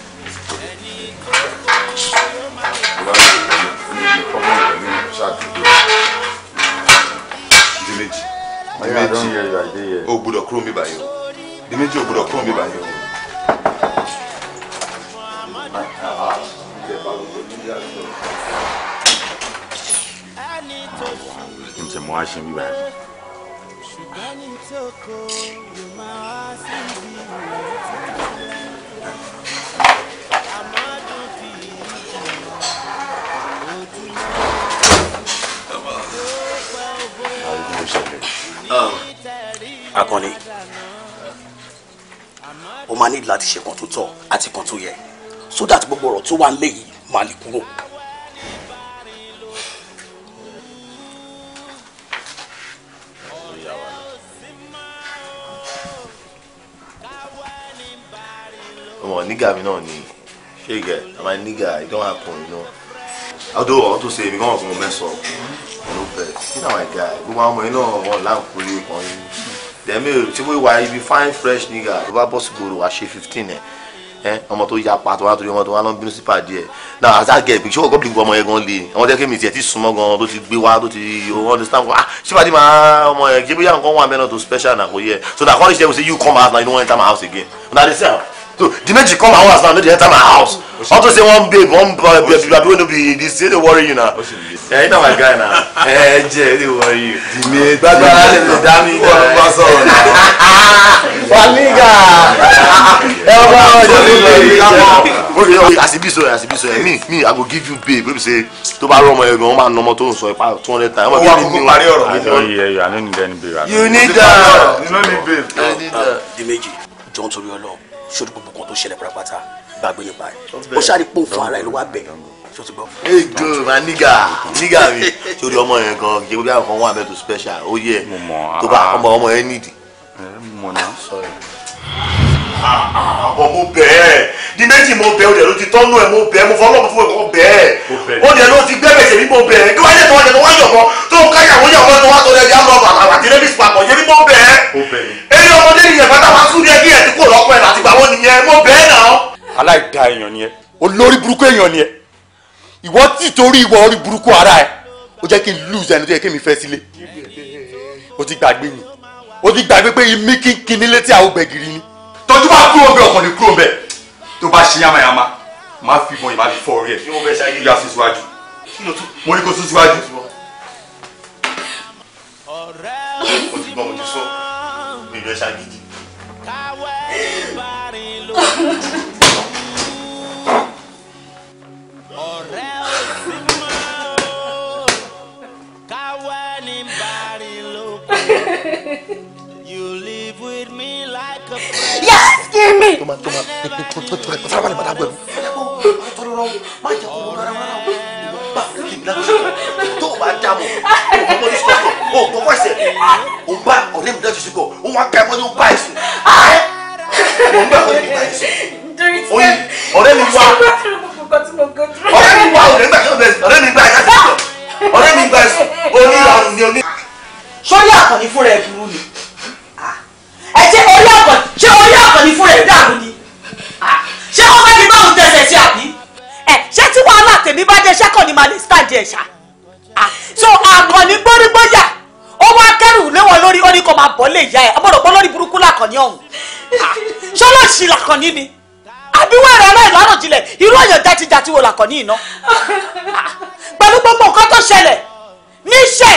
o gbọ́dọ̀ kúrò mi báyìí o dimitri o gbọ́dọ̀ kúrò mi báyìí o. ǹjẹ́ mo wá ṣe ń ṣẹlẹ̀ oh. akọni o máa ní láti ṣe kan tó tọ́ àti kan tó yẹ so that gbogbo ọ̀rọ̀ tó wà ń lé yìí máa lè kúrò. ọmọ nígà mi náà ni ṣé gẹ̀ àmà nígà it don happen you although ọ̀hún tó ṣe èmi gan ọ̀gbọ̀n mẹ́sọ̀ ọ̀nà bẹ̀ nínú àwọn ẹ̀gá ẹ̀ gbogbo àwọn ọmọ yìí náà wọ́n láǹkúrẹ́ kan yín dẹ̀mí ò tí wọ́n wá ibi fine fresh nigga tó bá bọ́ sí gbòòrò wá ṣe fifteen ẹ̀ ẹ ọmọ tó ya pa tó wá torí ọmọ tó wá lọ bínú sí pàdé ẹ náà àtàgẹ ìpè ṣọwọ́ gọ́bìlì ọmọ yẹn gan le ọmọ jẹ́ kémi tiẹ̀ ti súnmọ́ gan tó ti gbé wá tó ti yọ understand ah ṣípàdé máa ọmọ yẹn jẹ́ bóyá nǹkan wà mẹ́rin tó special nà kò yẹ so that one day she say you come out now you no wan enter my house again una dey sell so the make she come my house now no dey enter my house unto oh, oh, oh. say one babe one babe be wey no be this say dey worry you na ẹ na my guy na ẹ jẹ ẹ dey worry you. dìmé gbàgbára lè lè dá mi kọ́ ló bá sọ̀rọ̀ náà. wàlígà ẹ wá ọjọ́ mi lè rí ìjà. àsìbí sọ ẹ àsìbí sọ ẹ mi mi i go give you babe wey be say to bá rọ ọmọ ẹ wọn máa ń nọmọ tó ń sọ ẹ pa two hundred times. ó wà parí ọ̀rọ̀ mi. i don't hear you i no need any babe. you need am. you no need babe. dìmé jì jọ́n torí ọlọ́run sórí gbogbo kan tó ṣẹlẹ̀ pátápátá gbàgbé nípa ẹ̀ ó ṣàrí pò fún ara ẹ̀ ló wá bẹ̀ ṣó ti gbọ́. hey go ma nígà nígà mi sórí ọmọ yẹn gan jẹ bí àwọn kan wà bẹ́ẹ̀ tó special ó yẹ tó bá ah. ọmọ ọmọ yẹn nídìí. Eh, mo mọ̀ náà sọ̀rọ̀ ọmọ bẹ́ẹ̀ ní méjì mo bẹ́ẹ̀ o dẹ̀ ló ti tọ́nu ẹ̀ mo bẹ́ẹ̀ mo fọlọ́ fún ẹ̀ mo bẹ́ẹ̀ o dẹ̀ ló ti gbẹ́ bẹ̀sẹ̀ mi mo bẹ́ẹ̀ kí wáyé tó wáyé tó wáyé ọ̀kan tó ń káyàwó yà ọ̀kan tó wá tó lẹ́yìn àlọ́ bàbà àti lẹ́bí papọ̀ yẹ mi mo bẹ́ẹ̀ eré ọmọdé nìyẹn bàtà wá sùn yẹ kí ẹ̀ ti kó lọ́kọ̀ ẹ̀ láti gbà wọ́n nìyẹn mo bẹ́ẹ̀ náà. aláìda èèyàn ni ẹ olórí burúkú èèyàn ni ẹ ìwọ tí torí ìwọ orí burúkú ara ẹ ó jẹ́ kí n lose ẹni tó yẹ kí mi fẹ́ sílé o ti gbàgbé mi o ti gbàgbé pé imí kínkín nílé tí àwọn gbẹ̀gìrì ni tọ́jú bá kúrò bẹ́ẹ̀ ọkàn ní kúrò bẹ́ẹ̀ tó bá ṣe yamayama máa fi ìbọn ìbá fi fọ orí ẹ̀ yóò sún síwájú mo ní kó sún síwájú. mo mo ti sọ mi ìrẹ́ ṣáàgìdì. ọ̀rẹ́ òsì yes give me. tó máa tó máa pẹpẹ pẹpẹ fúnra balẹ̀ padà gbẹ̀rù. tọ́lọ́ rọ má jẹ́ kó wọ́n rárá rárá o bá kí n dájú tó o bá dá mọ̀ o kò ní sọ́kọ̀ o kò fọ́ ẹsẹ̀ o bá ọ̀rẹ́ mi dájú sí kọ̀ o wá kẹ́ ẹ mọ́ni o bá ẹ̀sùn mo ń bẹ̀ ọ̀rẹ́ mi bá ẹ̀sùn oyin ọ̀rẹ́ mi wá ọ̀rẹ́ mi wá ọ̀rẹ́ mi gbà ọ̀rẹ́ mi gbà ẹ̀sùn ọ̀rẹ́ mi gbà ẹ̀sùn oní ọ̀rùn ni oní. sọ́yà àkànní fúnra ẹ̀ burú ni ẹ jẹ́ ọkọ ṣé orí ọkọ ni fún rẹ̀ dàrú ni ṣé wọ́n fẹ́ fi bá òun tẹ̀sẹ̀ sí àbí. ẹ ṣé tí wàhálà tèmi bá dé ṣẹ́kọ̀ ni màá lè stand ẹ̀ ṣá ah, so àmọ́ ní gbórígbóyà ó wá kẹ́rù léwọ̀n lórí ó ní kó máa bọ́ lè ya ẹ̀ ọmọdé pọ́ lórí burúkú làkànní ọ̀hún ah, ṣọlọ́ọ̀ṣì làkànní ni àbí wọ́n ẹ̀rọ ẹ̀rọ ìlànà jinlẹ̀ irú èèyàn jàtijàti wo làkànní iná ah, pẹ̀lú gbogbo nǹkan tó ṣẹlẹ̀ níṣẹ́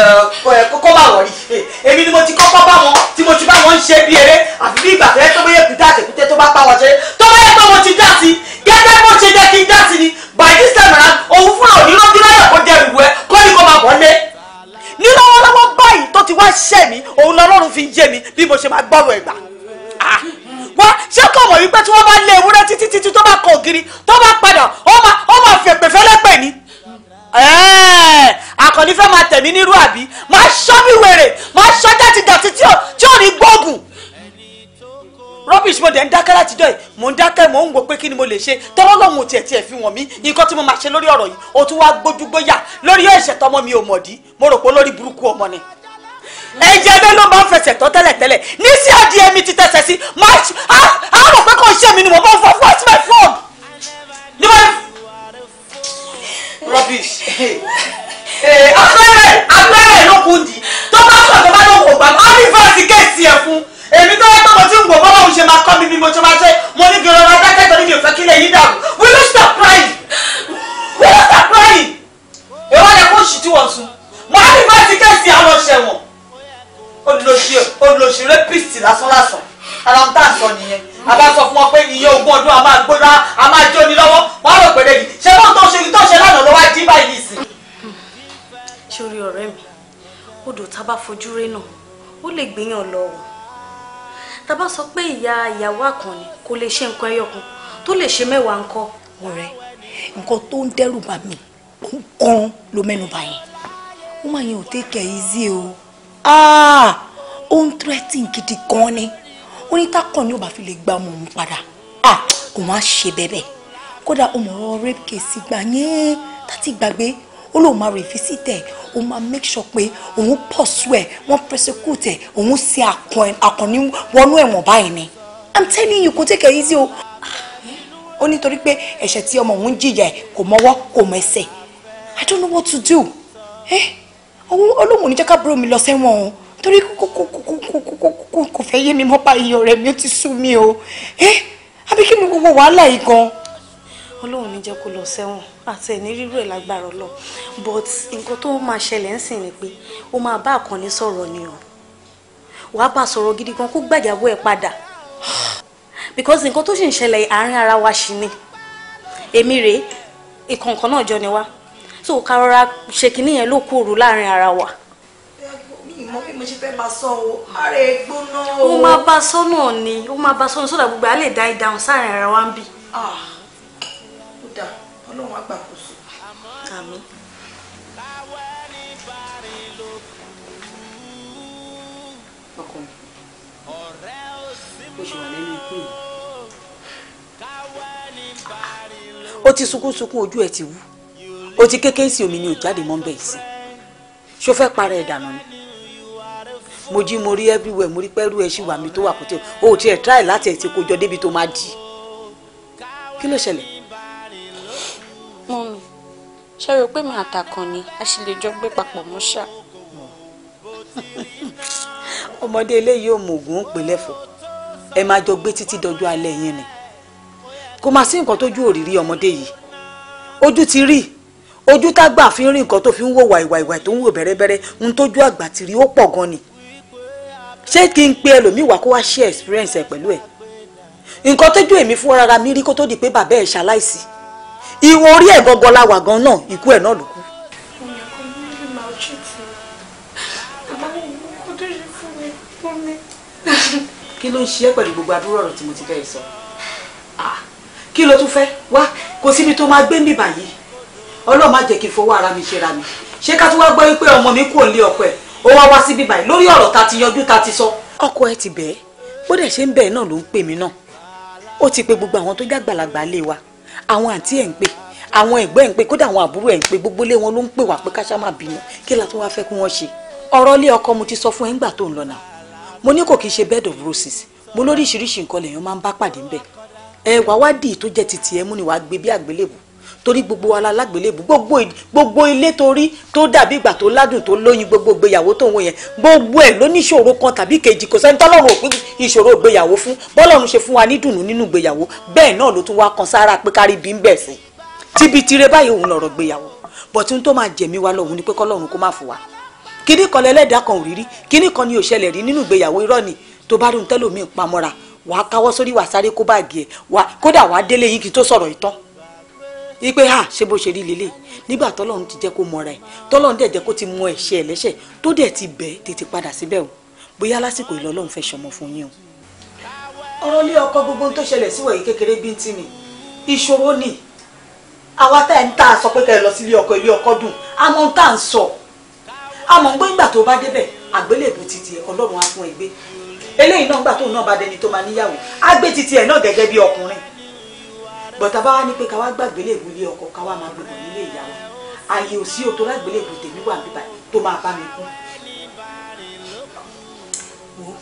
kókó eh, eh, bá wọ̀ rí èmi ni mo ti kọ́kọ́ bá wọn tí mo ti bá wọn ṣe bí eré àfi bí ìgbà tẹ́lẹ̀ tó bá yẹ kí dá àtẹ̀kútẹ́ tó bá pa wọn ṣe tó bá yẹ pé mo ti dá sí gẹ́gẹ́ bó ṣe jẹ́ kí n dá sí ni by this time around òun fúnra òní ló dín láyọ̀ kó jẹ́ ìwú ẹ kó ní kó máa bọ̀ lé ní lọ́wọ́lọ́wọ́ báyìí tó ti wá ṣẹ́ mi òun lọ́lọ́run fi jẹ́ mi bí mo ṣe máa gbọ́rọ̀ ah, wá ṣé kò mọ̀ wípé tí wọ́n bá lé ewúrẹ́ títí títí tó bá kọ ògiri tó bá padà ó máa fèpè fẹ́lẹ́pẹ̀ ni Eh, àkànní fẹ́ máa tẹ̀mí nírú àbí máa ṣọ́ mi wèrè máa ṣọ́ dẹ́tí dọ̀tí tí ò ní gbóògùn rubbish mo dẹ̀ ń dákẹ́ látijọ́ yìí mo ń dákẹ́ mo ń wo pé kí ni mo lè ṣe tọ́wọ́ lọ́hùn ò tiẹ̀ tiẹ̀ fi wọ̀n mí nǹkan tí mo máa ṣe lórí ọ̀rọ̀ yìí o tún wá gbójúgbóyà lórí ẹ̀ṣẹ̀ tọmọ mi ò mọ̀dí mo rò pé olórí burúkú ọmọ ni. ẹ̀jẹ̀ mi ló máa ń fẹsẹ̀ tọ́ tẹ́lẹ̀tẹ́lẹ̀ ní sí adìẹ mi ti tẹ̀sẹ̀ sí máa rubbish. abẹ́rẹ́ eh, abẹ́rẹ́ ló kù di tó bá sọ tó bá ló wò gbà á ní fọ́ọ̀sì kéèsì ẹ̀ fún èmi tó yẹ pé mo ti ń wò bọ́ báwo ṣe máa kọ́ mi bí mo ti máa ṣe mo ní gbèrò ọ̀rọ̀ dákẹ́ tó ní mi ò fẹ́ kí lè yí dàrú We you stop crying will you stop crying èwo yẹ kó ṣì tí wọ́n sun mo á ní fọ́ọ̀sì kéèsì àwọn ṣẹ̀wọ̀n olùlọ́sì olùlọ́sì rẹ́pìsì lásán lásán ara ń tà sọ nìyẹn a bá sọ fún wọn pé iye ogún ọdún a máa gbóná a máa jó ni lọ́wọ́ wọn á rò pé lẹ́yìn ṣé wọ́n tó ṣe tó ṣe lánàá lọ́wọ́ á dín báyìí nìsín. sórí ọ̀rẹ́ mi odò tá a bá fojú rí náà ó lè gbéyàn lọ o tá a bá sọ pé ìyá ìyàwó àkànni kò lè ṣe nǹkan ẹyọkan tó lè ṣe mẹ́wàá ńkọ́. ọ̀rẹ́ nǹkan tó ń dẹ́rù bà mí kan ló mẹ́nu bà yẹn ó máa yẹn ò tẹ́kẹ̀ easy o ah! ó ń threatening gidi gan ó ní tákàn bá fi lè gba ọmọ òun padà kò má ṣe bẹ́ẹ̀ kódà ọmọ ọ̀rọ̀ rape case gbà yẹn láti gbàgbé ó lóun máa revisit ẹ̀ òun máa make sure pé òun pursue ẹ̀ wọ́n prosecute ẹ̀ òun ṣe àkànní wọnú ẹ̀wọ̀n báyìí ni i'm telling you kò take it easy o ó nítorí pé ẹ̀ṣẹ̀ tí ọmọ òun jìyà ẹ̀ kò mọ́wọ́ kò mọ ẹsẹ̀ i don't know what to do ẹ eh? ò ní jẹ́ ká búrò mi lọ sẹ́wọ̀n o torí kò kò kò kò kò kò kò fẹ́ yé mi mọ́ báyìí ọ̀rẹ́ mi ó ti sú mi o ẹ́ àbí kí ni gbogbo wàhálà yìí gan. ọlọ́run ní jẹ́ kó lọ sẹ́wọ̀n àti ẹ̀ní rírú ẹ̀ lágbára lọ but nǹkan tó máa ṣẹlẹ̀ ń sìn ni pé ó máa bá àkànní sọ̀rọ̀ ni o wàá bá sọ̀rọ̀ gidi gan kó gbàjáwó ẹ̀ padà because nǹkan tó sì ń ṣẹlẹ̀ àárín ara wa ṣì ni èmi rèé ìkọ̀ǹkan náà jọ ni wá so ká rọra ṣe kinní yẹn ló kúrú láàárín ara wa mọ bí mo ṣe fẹ́ bá sọ o ara ẹ gbóná o. ó máa bá sọ náà ni ó máa bá sọ ní sódà gbogbo a lè dá ìdáhùn sáàrin ara wa ń bì. Ah, ó dà ọlọ́run á gbàkóso. àmín. ọkọ mi bó ṣe wà lẹ́nu ikú yìí. ó ti sunkúnsunkún ojú ẹ ti wú ó ti kékeré sí omi ni ò jáde mọ́ bẹ́ẹ̀ sí ṣó fẹ́ para ẹ̀ dànù ni mo jí mo rí everywhere mo rí pẹ́rú ẹ̀ ṣì wà mí tó wà kó tẹ̀ o ò tiẹ̀ try láti ẹ̀ ti kó jọ débi tó máa di kí ló ṣẹlẹ̀. mọ́mi ṣe rò pé mi àtàkàn ni a sì lè jọ gbé papọ̀ mọ́ ṣá. ọmọdé eléyìí ò mọ ògùn ń pè lẹ́fọ̀ọ́ ẹ máa jọ gbé títí dọjọ́ alẹ́ yẹn ni kò máa sí nǹkan tójú òrìrí ọmọdé yìí ojú ti rí ojú tá gbà fi ń rí nǹkan tó fi ń wò wàìwàìwà tó ń wò bẹ́rẹ́bẹ́rẹ́ ń tójú àgbà ti rí ó pọ̀ gan ni ṣé kí n pe ẹlòmíì wá kó wá ṣe experience ẹ pẹ̀lú ẹ nǹkan tójú èmi fún rárá mi rí kó tó di pé bàbá ẹ ṣaláìsí ìwọ orí ẹ gangan la wà gan náà ikú ẹ náà ló kú. kí ló ń ṣe é pẹ̀lú gbogbo àdúrà ọ̀rọ̀ tí mo ti fẹ́ sọ kí ló tún fẹ́ wá kò síbi tó máa gbé mi báyìí ọlọ́run má jẹ́ kí n fowó ara mi ṣe ra mi ṣé ká tún wá gbọ́ wípé ọmọ mi kò lé ọkọ ó wá wá síbí báyìí lórí ọ̀rọ̀ ta ti yanjú ta ti sọ. ọkọ ẹ ti bẹ́ẹ̀ bó dẹ̀ ṣe ń bẹ́ẹ̀ náà ló ń pè mí náà ó ti pe gbogbo àwọn tó jẹ́ àgbàlagbà lé wa àwọn àǹtí ẹ̀ ń pè àwọn ẹ̀gbọ́n ẹ̀ ń pè kódà àwọn àbúrò ẹ̀ ń pè gbogbo lé wọn ló ń pè wá pé káṣá má bínú kí la tó wá fẹ́ kí wọ́n ṣe ọ̀rọ̀ lé ọkọ mo ti sọ fún ẹ ńgbà tó ń lọ náà mo ní kò kí n ṣe bed of roses mo lóríṣiríṣi nǹkan lèèyàn máa ń bá pàdé ńbẹ ẹ wàá wá dì í tó jẹ́ titi ẹ mú ni wàá gbé bí àgbélébùú torí gbogbo wa la lágbélébù gbogbo gbogbo ilé torí tó dàbí ìgbà tó ládùn tó lóyin gbogbo gbéyàwó tó ń wò yẹn gbogbo ẹ̀ ló ní ìṣòro kan tàbí kejì kò sẹ́ni tọ́lọ́run ò pín ìṣòro gbéyàwó fún bọ́lọ́run ṣe fún wa ní dùnnú nínú gbéyàwó bẹ́ẹ̀ náà ló tún wá kan sára pé kárí bí ń bẹ̀ sí tibitire báyìí òun lọ̀rọ̀ gbéyàwó bọ̀tún tó máa jẹ̀mí wa lọ́hùn ni pé kọ́lọ́run kó má fún wa kíní kan lẹ́lẹ́dàá kan ò rírí kíní kan ni ò ṣẹlẹ̀ rí nínú ìgbéyàwó irọ́ ni tó bá rí ohun tẹ́lòmíì pamọ́ra wàá káwọ́ sórí wàá sáré kó báàgì ẹ̀ kódà wàá délé yín kí tó sọ̀rọ̀ ìtàn ipe ha ṣe bó ṣe rí lélẹ̀ nígbà tọ́lọ́run ti jẹ́ kó mọra ẹ̀ tọ́lọ́run dẹ̀ jẹ́ kó ti mọ ẹ̀ṣẹ̀ ẹlẹ́ṣẹ̀ tó dẹ̀ ti bẹ̀ tètè padà síbẹ̀ o bóyá lásìkò ìlọ́lọ́run fẹ́ ṣọmọ fún yín o. ọ̀rọ̀ ilé ọkọ gbogbo tó ṣẹlẹ̀ sí wọ̀nyí kékeré bíi ti nì ìṣòro ni àwa tá ẹ̀ ń tà sọ pé kẹ́ ẹ lọ sí ilé ọkọ ilé ọkọ dùn àmọ́ tá à ń sọ àmọ́ ń gbé ìgbà tó bá débẹ̀ àgbélébù ti ọlọ́run á fún ẹ gbé eléyìí náà gbà tóun náà bá dẹni tó máa níyàwó á gbé ti tiẹ̀ náà gẹ́gẹ́ bí ọkùnrin bọ̀tà bá wá ní pé ká wá gbàgbélébù ilé ọkọ ká wá máa gbẹ̀bọ̀ nílé ìyá wa ààyè ò sí òtó lágbélébù tèmi wà bíbá tó máa bá mi kú. wo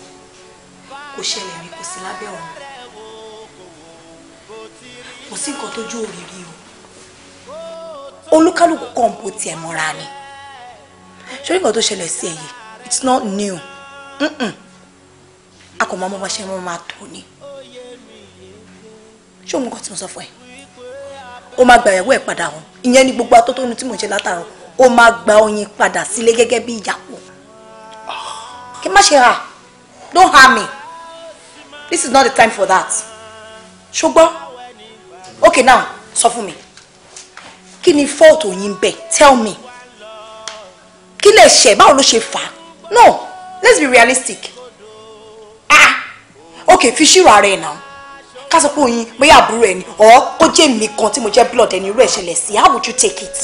kò ṣẹlẹ̀ mi kò sí lábẹ́ ọ̀run kò sí nǹkan tójú òrìrì o olúkálùkù kọ̀ǹpó tiẹ̀ mọ́ra ni ṣé nǹkan tó ṣẹlẹ̀ sí ẹ̀yẹ it's not new a kò mọ ọmọ bá ṣe mọ́ máa tó ni. Mm -mm ṣé o mọ nǹkan tí mo sọ fún ẹ o máa gba ìyàwó ẹ padà o ìyẹn ni gbogbo atótónu tí mo ṣe látàrọ o máa gba oyin padà sílé gẹ́gẹ́ bí ìyàwó kí má ṣe hà don't harm me this is not the time for that ṣùgbọ́n okay now sọ fún mi kí ni fault oyin bẹ tell me kí lè ṣe báwo ló ṣe fà no let's be realistic ah okay fi ṣírò ara ẹ̀ náà ká sọ pé òyìn bóyá àbúrò ẹni ọ̀ kó jẹ́ mi kan tí mo jẹ́ blood ẹni irú ẹ̀ ṣẹlẹ̀ sí how would you take it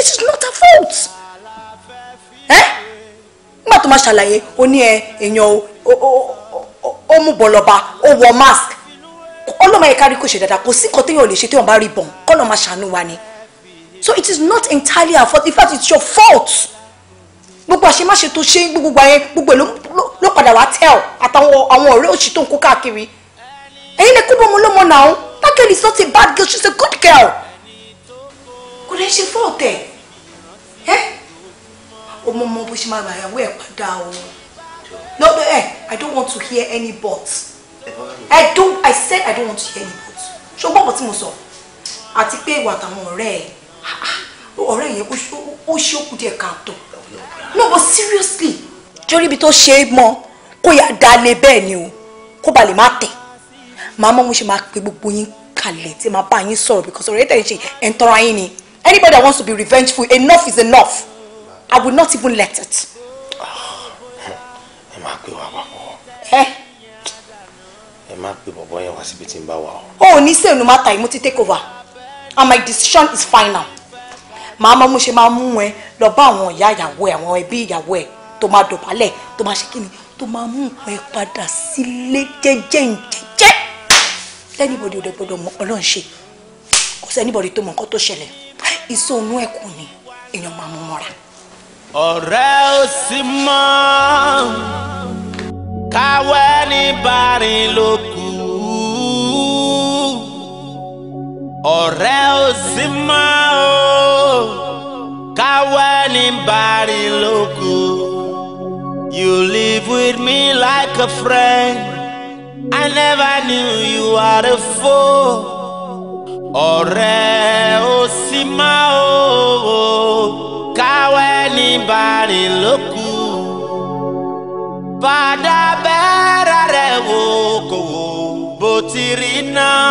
it is not her fault ẹ́ nígbà tó máa ṣàlàyé o ní ẹ èèyàn o mú bọ̀ lọ́ba o wọ mask ọlọ́mọ ẹ̀ka rí kò ṣe dáadáa kò sí nǹkan téèyàn lè ṣe téèyàn bá rí bọ̀n kọ́nà máa ṣàánú wa ni so it is not entirely her fault in fact it's your fault gbogbo àṣemáṣe tó ṣe gbogbo ayé gbogbo ẹ̀ ló padà wá tẹ̀ àtàwọn àwọn ọ̀rẹ́ òṣì tó ń kó káàkiri ẹ̀yin lè kú bọ́mọ lọ́mọ náà that girl is not a bad girl she a good girl kò lè ṣe fọ́ọ̀tẹ̀ ẹ́ ọmọ ọmọ bó ṣe máa gbà yàwó ẹ̀ no no ẹ eh, I don't want to hear any buts. I don't I said I don't want to hear any but ṣùgbọ́n ọ̀pọ̀ tí mo sọ àti pé ìwà àtàwọn ọ̀rẹ́ ẹ̀ ọ̀rẹ́ yẹn ó ṣe òkú díẹ̀ káàtó no but seriously torí be tó ṣe é mọ kó yà dá lé bẹ́ẹ̀ ni o kó ba màá mọ̀ mo ṣe máa pe gbogbo yín kalẹ̀ tí màá bá yín sọ̀rọ̀ because ọ̀rẹ́ tẹ̀ ń ṣe ẹ̀ ń tọ́ra yín ni anybody that wants to be revengeful enough is enough I will not even let it. ẹ máa pe wá papọ̀ ẹ máa pe bọ̀bọ̀ yẹn wá síbi tí ń bá wà o. o ò ní sèé no matter mo ti take over and my decision is final màá mọ̀ mo ṣe máa mú ẹ lọ bá àwọn ìyá ìyàwó ẹ àwọn ẹbí ìyàwó ẹ tó máa dọ̀bálẹ̀ tó máa ṣe kí ni tó máa mú nǹkan ẹ padà sílé jẹ́jẹ́ jẹ́jẹ́ tẹ́nibọ̀dì òde gbọ́dọ̀ mọ ọlọ́run ṣe kò sẹ́nibọ̀dì tó mọ nǹkan tó ṣẹlẹ̀ ìsọnù ẹ̀kún ni èèyàn máa mú mọ́ra. ọ̀rẹ́ ò sí mọ́ káwẹ́ ní bàrín ló kù ọ̀rẹ́ ò sí mọ́ káwẹ́ ní bàrín ló kù you live with me like a friend. I never knew you were a fool. Ore o sì máa o, káwẹ́ ní bari ló kù. Padà bẹ́ẹ̀rẹ̀ rẹ̀ wò kò wò bó ti rí náà.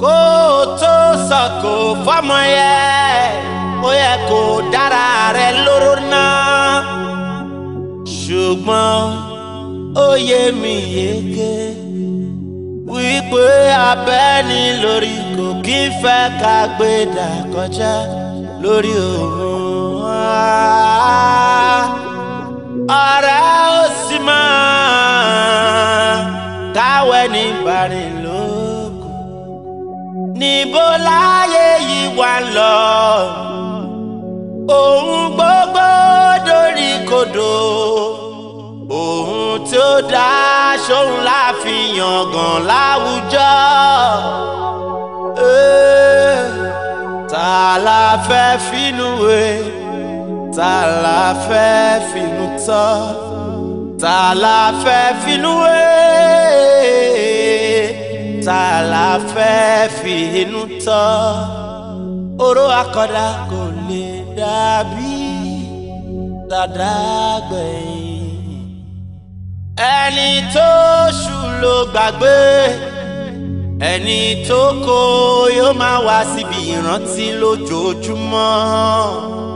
Kó o tó sọ̀kò fọ́mọ yẹn, ó yẹ kó dára rẹ̀ lóró náà. Ṣùgbọ́n ó yé mi yéké wípé abẹ́ni lórí kò kí n fẹ́ ká gbé dà kọjá lórí òun ọ̀rẹ́ ó sì máa káwẹ́ ní ìbárin lókun níbo láyé yìí wà lọ ohun gbogbo dórí kodò ohun tí ó dáa ṣóun láfihàn gan láwùjọ eh, ta la fẹ́ fínú wé ta la fẹ́ fínú tọ́ ta la fẹ́ fínú wé ta la fẹ́ fínú tọ́ oró akọ́dá kò lè dàbí dàdá gbẹ̀yìn ẹni tó ṣù ló gbàgbé ẹni tó kó yóò máa wá síbi ìrántí lójoojúmọ́.